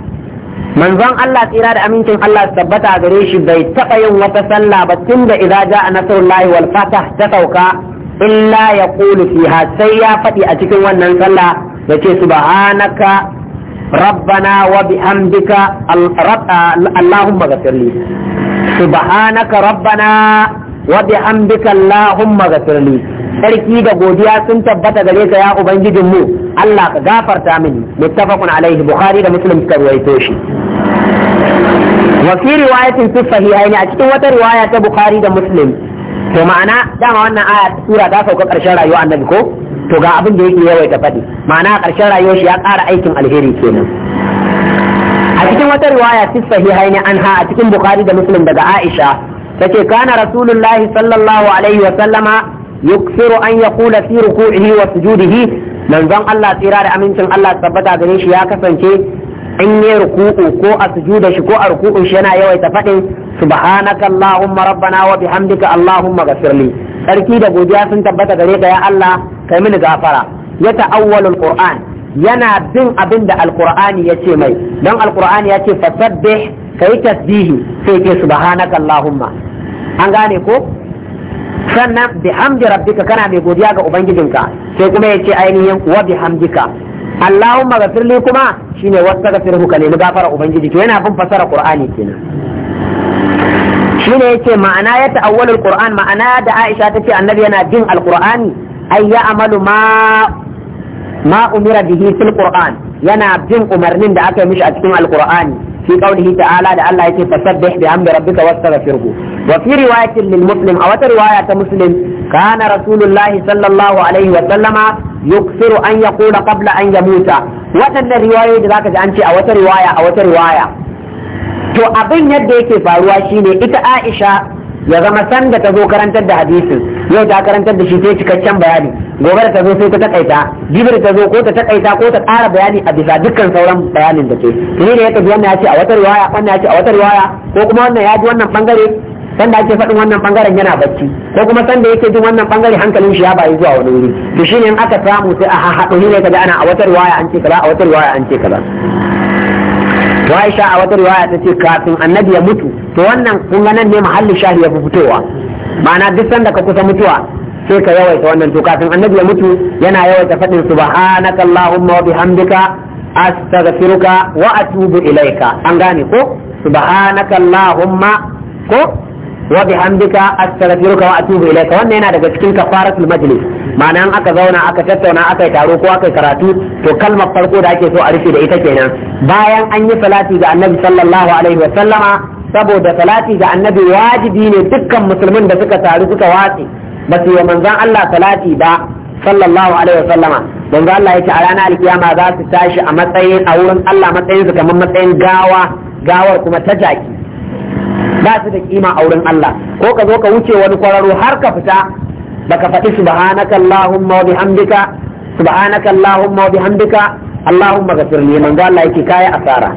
من ظن الله إراد أمين كن الله ثبت أغريش بي تقيم وتسلى بتند إذا جاء نصر الله والفتح تتوكا إلا يقول فيها سيافتي أتكن ونن صلى يتي سبحانك ربنا وبحمدك اللهم غفر لي سبحانك ربنا an bi hamdika ga sirri sarki da godiya sun tabbata gare ka ya ubangijin mu Allah ka gafarta mini muttafaqun alaihi bukhari da muslim suka ruwaito shi wa fi riwayatin fi sahihaini a cikin wata riwaya ta bukhari da muslim to ma'ana dama wannan aya sura ta sauka karshen rayuwa annabi ko to ga abin da yake yawaita fadi ma'ana karshen rayuwar shi ya ƙara aikin alheri kenan a cikin wata riwaya fi sahihaini anha a cikin bukhari da muslim daga aisha sake kana rasulullahi sallallahu alaihi wa sallama yuksiru an yaqula fi ruku'ihi wa sujudihi manzon Allah tsira da amincin Allah tabbata gare shi ya kasance in yi ruku'u ko a sujuda shi ko a ruku'un shi yana yawaita faɗin subhanaka allahumma rabbana wa bihamdika allahumma ghafirli sarki da godiya sun tabbata gare ka ya Allah kai mini gafara ya ta'awwalu kur'an yana bin abin da ya ce mai dan alqur'ani yace fasabbih kai tasbihi sai ke subhanaka allahumma an gane ko sannan bi hamdi rabbika kana mai godiya ga ubangijinka sai kuma yace ainihin wa bi hamdika Allahumma ghafirli kuma shine wastaghfirhu ka ni gafara ubangiji to yana bin fasara qur'ani kenan shine yace ma'ana ya ta'awwalu alquran ma'ana da Aisha tace annabi yana jin alqur'ani ay ya'malu ma ma umira bihi fil qur'an yana bin umarnin da aka yi mishi a cikin alqur'ani fi qawlihi ta'ala da Allah yake fasabbih bi amri rabbika wastaghfirhu wa fi riwayatin lil muslim a wata riwaya ta muslim كان رسول الله صلى الله عليه وسلم يكثر أن يقول قبل أن يموت وتن رواية ذاك أنت أو رواية أو رواية to abin yadda yake faruwa shine ita Aisha ya zama sanda da ta zo karantar da hadisin yau ta karantar da shi sai cikakken bayani gobe da ta zo sai ta takaita jibi da ta zo ko ta takaita ko ta ƙara bayani a bisa dukkan sauran bayanin da ke ni da ya tafi wannan ya ce a wata riwaya wannan ya ce a wata riwaya ko kuma wannan ya ji wannan bangare sanda ake faɗin wannan bangaren yana bacci ko kuma sanda yake jin wannan bangare hankalin shi ya bayi zuwa wani wuri to shine in aka samu sai a haɗu ne kaga ana a wata riwaya an ce kaza a wata riwaya an ce kaza Aisha a wata riwaya ta ce kafin annabi ya mutu to wannan kun ga nan ne mahallin shahi ya fi fitowa ma'ana duk sanda ka kusa mutuwa sai ka yawaita wannan to kafin annabi ya mutu yana yawaita faɗin subhanaka allahumma wa bihamdika astaghfiruka wa atubu ilaika an gane ko subhanaka allahumma ko wa bihamdika astaghfiruka wa atubu ilaika wannan yana daga cikin kafaratul majlis ma'ana an aka zauna aka tattauna aka yi taro ko aka yi karatu to kalmar farko da ake so a rufe da ita kenan bayan an yi salati ga annabi sallallahu alaihi wa sallama saboda salati ga annabi wajibi ne dukkan musulmin da suka taru suka watsi. ba su yi manzon Allah salati ba sallallahu alaihi wasallama manzo Allah yake a ranar alkiyama za su tashi a matsayin a wurin Allah matsayin su kamar matsayin gawa gawar kuma ta jaki ba su da kima a wurin Allah ko ka zo ka wuce wani kwararo har ka fita baka faɗi subhanaka allahumma wa bihamdika subhanaka allahumma wa bihamdika allahumma ghafir li manzo Allah yake kai asara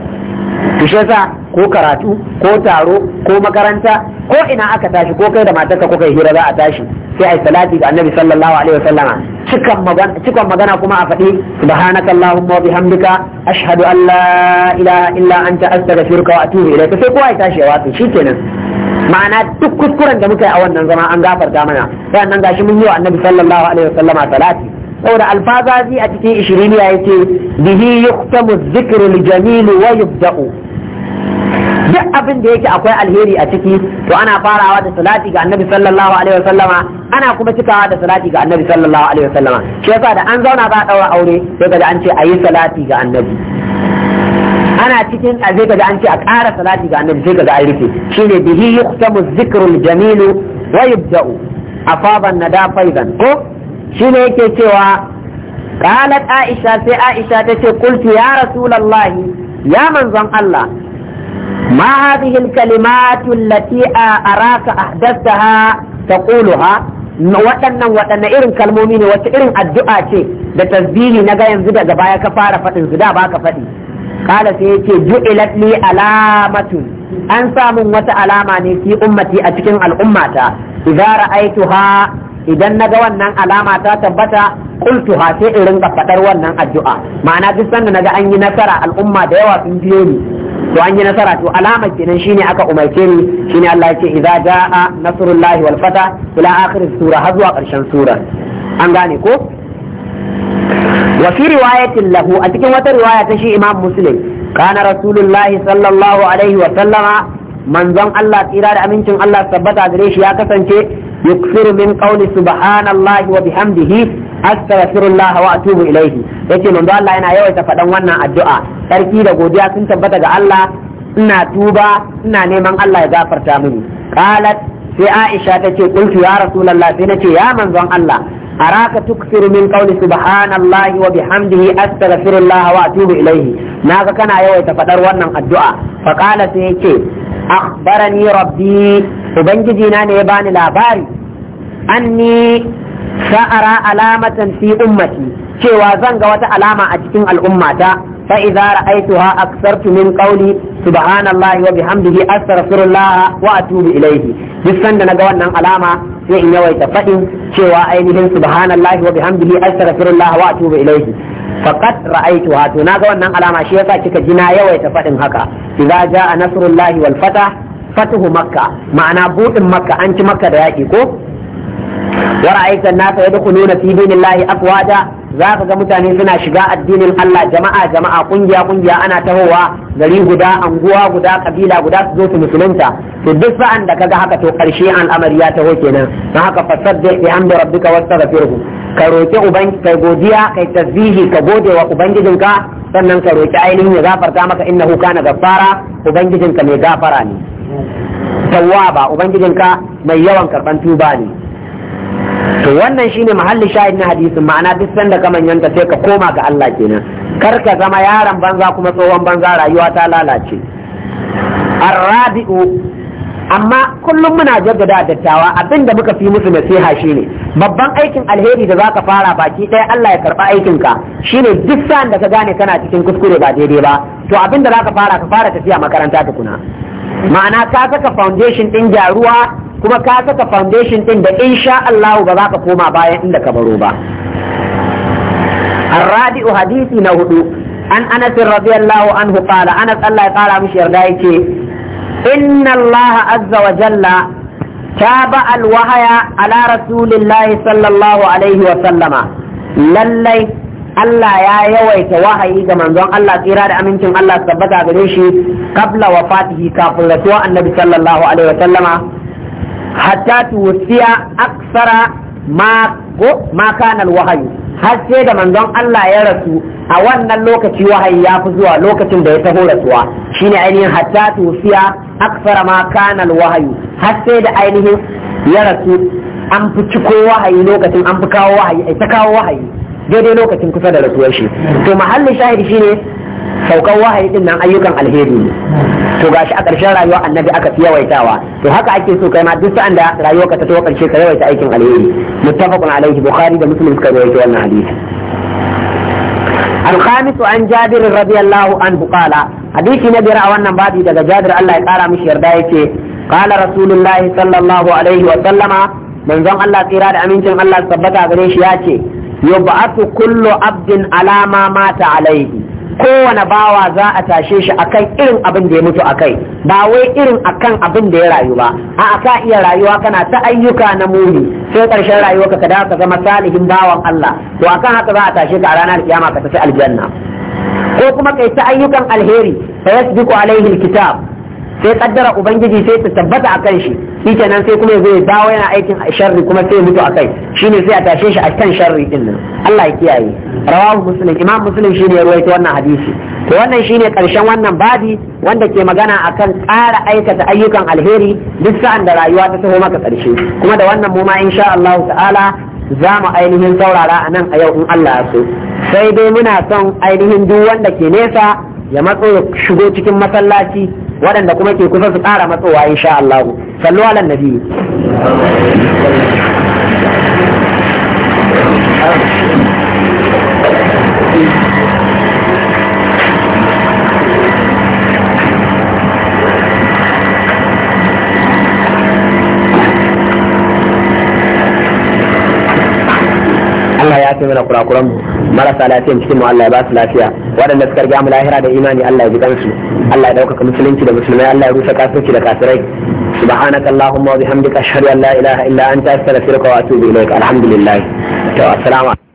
to shi yasa ko karatu ko taro ko makaranta ko ina aka tashi ko kai da matarka ko kai hira za a tashi sai ai salati ga annabi sallallahu alaihi wasallama cikan magana cikan magana kuma a faɗi subhanaka allahumma wa bihamdika ashhadu an la ilaha illa anta astaghfiruka wa atubu ilayka sai kowa ya tashi ya wato shikenan ma'ana duk kuskuren da muka yi a wannan zama an gafarta mana Sai annan gashi mun yi wa annabi sallallahu alaihi wasallama salati saboda alfazazi a cikin ishirin ishiriniya yake bihi yuktamu dhikru al-jamil wa yubda'u duk abin da yake akwai alheri a ciki to ana farawa da salati ga annabi sallallahu alaihi wasallama ana kuma cikawa da salati ga annabi sallallahu alaihi wasallama shi yasa da an zauna ba daura aure sai kaga an ce ayi salati ga annabi ana cikin a zai kaga an ce a ƙara salati ga annabi sai kaga an rufe shine bihi yuqtamu dhikrul jamilu wa yubda'u afaban nada faidan ko shine yake cewa قالت عائشة سي عائشة تشي قلت يا رسول الله يا من ظن الله ما هذه الكلمات التي أراك أحدثتها تقولها waɗannan waɗanne irin kalmomi ne wacce irin addu'a ce da tasbihi na ga yanzu daga baya ka fara faɗin su da baka faɗi kala sai yace ju'ilat li alamatun an samun wata alama ne fi ummati a cikin al'ummata idza ra'aituha idan naga wannan alama ta tabbata qultuha sai in faɗar wannan addu'a ma'ana duk sanda naga an yi nasara al'umma da yawa sun biyo ni to an yi nasara to alamar kenan shine aka umarce ni shine Allah ya ce idza jaa nasrullahi wal fata ila akhir sura har zuwa karshen sura an gane ko wa fi riwayatin lahu a cikin wata riwaya ta shi Imam Muslim kana rasulullahi sallallahu alaihi wa sallama manzon Allah tsira da amincin Allah tabbata gare shi ya kasance yuksiru min qawli subhanallahi wa bihamdihi astaghfirullah wa atubu ilayhi yace manzo Allah yana yawaita faɗan wannan addu'a sarki da godiya sun tabbata ga Allah ina tuba ina neman Allah ya gafarta mini qalat sai Aisha ta ce qultu ya rasulullah sai nace ya manzon Allah araka tukfir min qawli subhanallah wa bihamdihi astaghfirullah wa atubu ilayhi naga kana yawaita fadar wannan addu'a fa qala sai yace akhbarani rabbi ubangiji na ne ya bani labari anni sa'ara alamatan fi ummati cewa zan ga wata alama a cikin al'ummata فإذا رأيتها أكثرت من قولي سبحان الله وبحمده أستغفر الله وأتوب إليه بسن da naga wannan alama sai in yawaita faɗin cewa ainihin subhanallahi wa bihamdihi astaghfirullah wa atubu ilayhi faqad ra'aytuha to naga wannan alama shi yasa kika ji na yawaita faɗin haka idza jaa nasrullahi wal fatah fatuhu makka ma'ana buɗin maka an ci makka da yaki ko wa ra'aita ya nasa yadkhuluna fi dinillahi za ka ga mutane suna shiga addinin Allah jama'a jama'a kungiya kungiya ana tahowa gari guda anguwa guda kabila guda su zo su musulunta to duk sa'an da kaga haka to karshe al'amari ya taho kenan don haka fasabbih bi hamdi rabbika wastaghfirhu ka roki kai godiya kai tasbihi ka gode wa ubangijinka sannan ka roki ainihin ya gafarta maka innahu kana gaffara ubangijinka mai gafara ne tawwaba ubangijinka mai yawan karban tuba ne to wannan shine mahalli shahid na hadisin ma'ana duk sanda ka manyanta sai ka koma ga Allah kenan kar ka zama yaron banza kuma tsohon banza rayuwa ta lalace arrabi'u amma kullum muna jaddada dattawa abinda muka fi musu nasiha shine babban aikin alheri da zaka fara baki ɗaya Allah ya karba aikin ka shine duk sa'an da ka gane kana cikin kuskure ba daidai ba to abinda zaka fara ka fara tafiya makaranta tukuna ma'ana ka saka foundation ɗin jaruwa kuma ka saka foundation ɗin da insha Allah ba za ka koma bayan inda ka baro ba arradi'u hadisi na hudu an anas radiyallahu anhu qala anas Allah ya fara yarda yake inna Allah azza wa jalla taba al wahaya ala rasulillahi sallallahu alaihi wa sallama lallai Allah ya yawaita wahayi ga manzon Allah tsira da amincin Allah tabbata gare shi kabla wafatihi kafin rasuwa annabi sallallahu alaihi wa sallama hatta tuwsiya aksara ma kanal wahayi. har sai da manzon Allah ya rasu a wannan lokaci wahayi ya fi zuwa lokacin da ya taho rasuwa shine ainihin hatta tuwsiya aksara ma kanal wahayi. har sai da ainihin ya rasu an fi ciko wahayi lokacin an fi kawo wahayi ai ta kawo wahayi daidai lokacin kusa da rasuwar shi to mahallin shahidi shine saukan wahayi din nan ayyukan alheri ne to gashi a ƙarshen rayuwa annabi aka fi yawaitawa to haka ake so kai ma duk sa'an da rayuwarka ta tawo ƙarshe ka yawaita aikin alheri muttafaqun alaihi bukhari da muslim suka rawaito wannan hadisi الخامس عن جابر رضي الله عنه قال حديث نبي رأى وانا بابي دقى جابر الله يقارى مش يردائك قال رسول الله صلى الله عليه وسلم من زم الله قرار أمين الله ثبت عليه ياتي yub'atu kullu abdin alama mata alaihi kowane bawa za a tashe shi akan irin abin da ya mutu akai ba wai irin akan abin da ya rayu ba a ka iya rayuwa kana ta ayyuka na muni sai karshen rayuwarka ka dawo ka zama salihin bawan Allah to akan haka za a tashe ka a ranar kiyama ka tafi aljanna ko kuma kai ta ayyukan alheri fa yasbiqu alaihi alkitab sai kaddara ubangiji sai ta tabbata akan shi kenan sai kuma yazo ya dawo yana aikin sharri kuma sai a mutu akai shine sai a tashe shi a kan sharri din nan Allah ya kiyaye rawahu muslim imam muslim shine ya rawaito wannan hadisi to wannan shine karshen wannan babi wanda ke magana akan tsara aikata ayyukan alheri duk sa'an da rayuwa ta taho maka karshe kuma da wannan mu ma insha Allah ta'ala za mu ainihin saurara a nan a yau in Allah ya so sai dai muna son ainihin duk wanda ke nesa ya matso ya shigo cikin masallaci waɗanda kuma ke kusa su ƙara matsowa insha Allah sallu ala nabi yafe mana kurakuran mu marasa lafiyan cikin mu Allah ya ba su lafiya waɗanda suka riga mu lahira da imani Allah ya ji su Allah ya ɗaukaka musulunci da musulmai Allah ya rusa kafirci da kafirai سبحانك اللهم وبحمدك أشهد أن لا إله إلا أنت أستغفرك وأتوب إليك الحمد لله السلام عليكم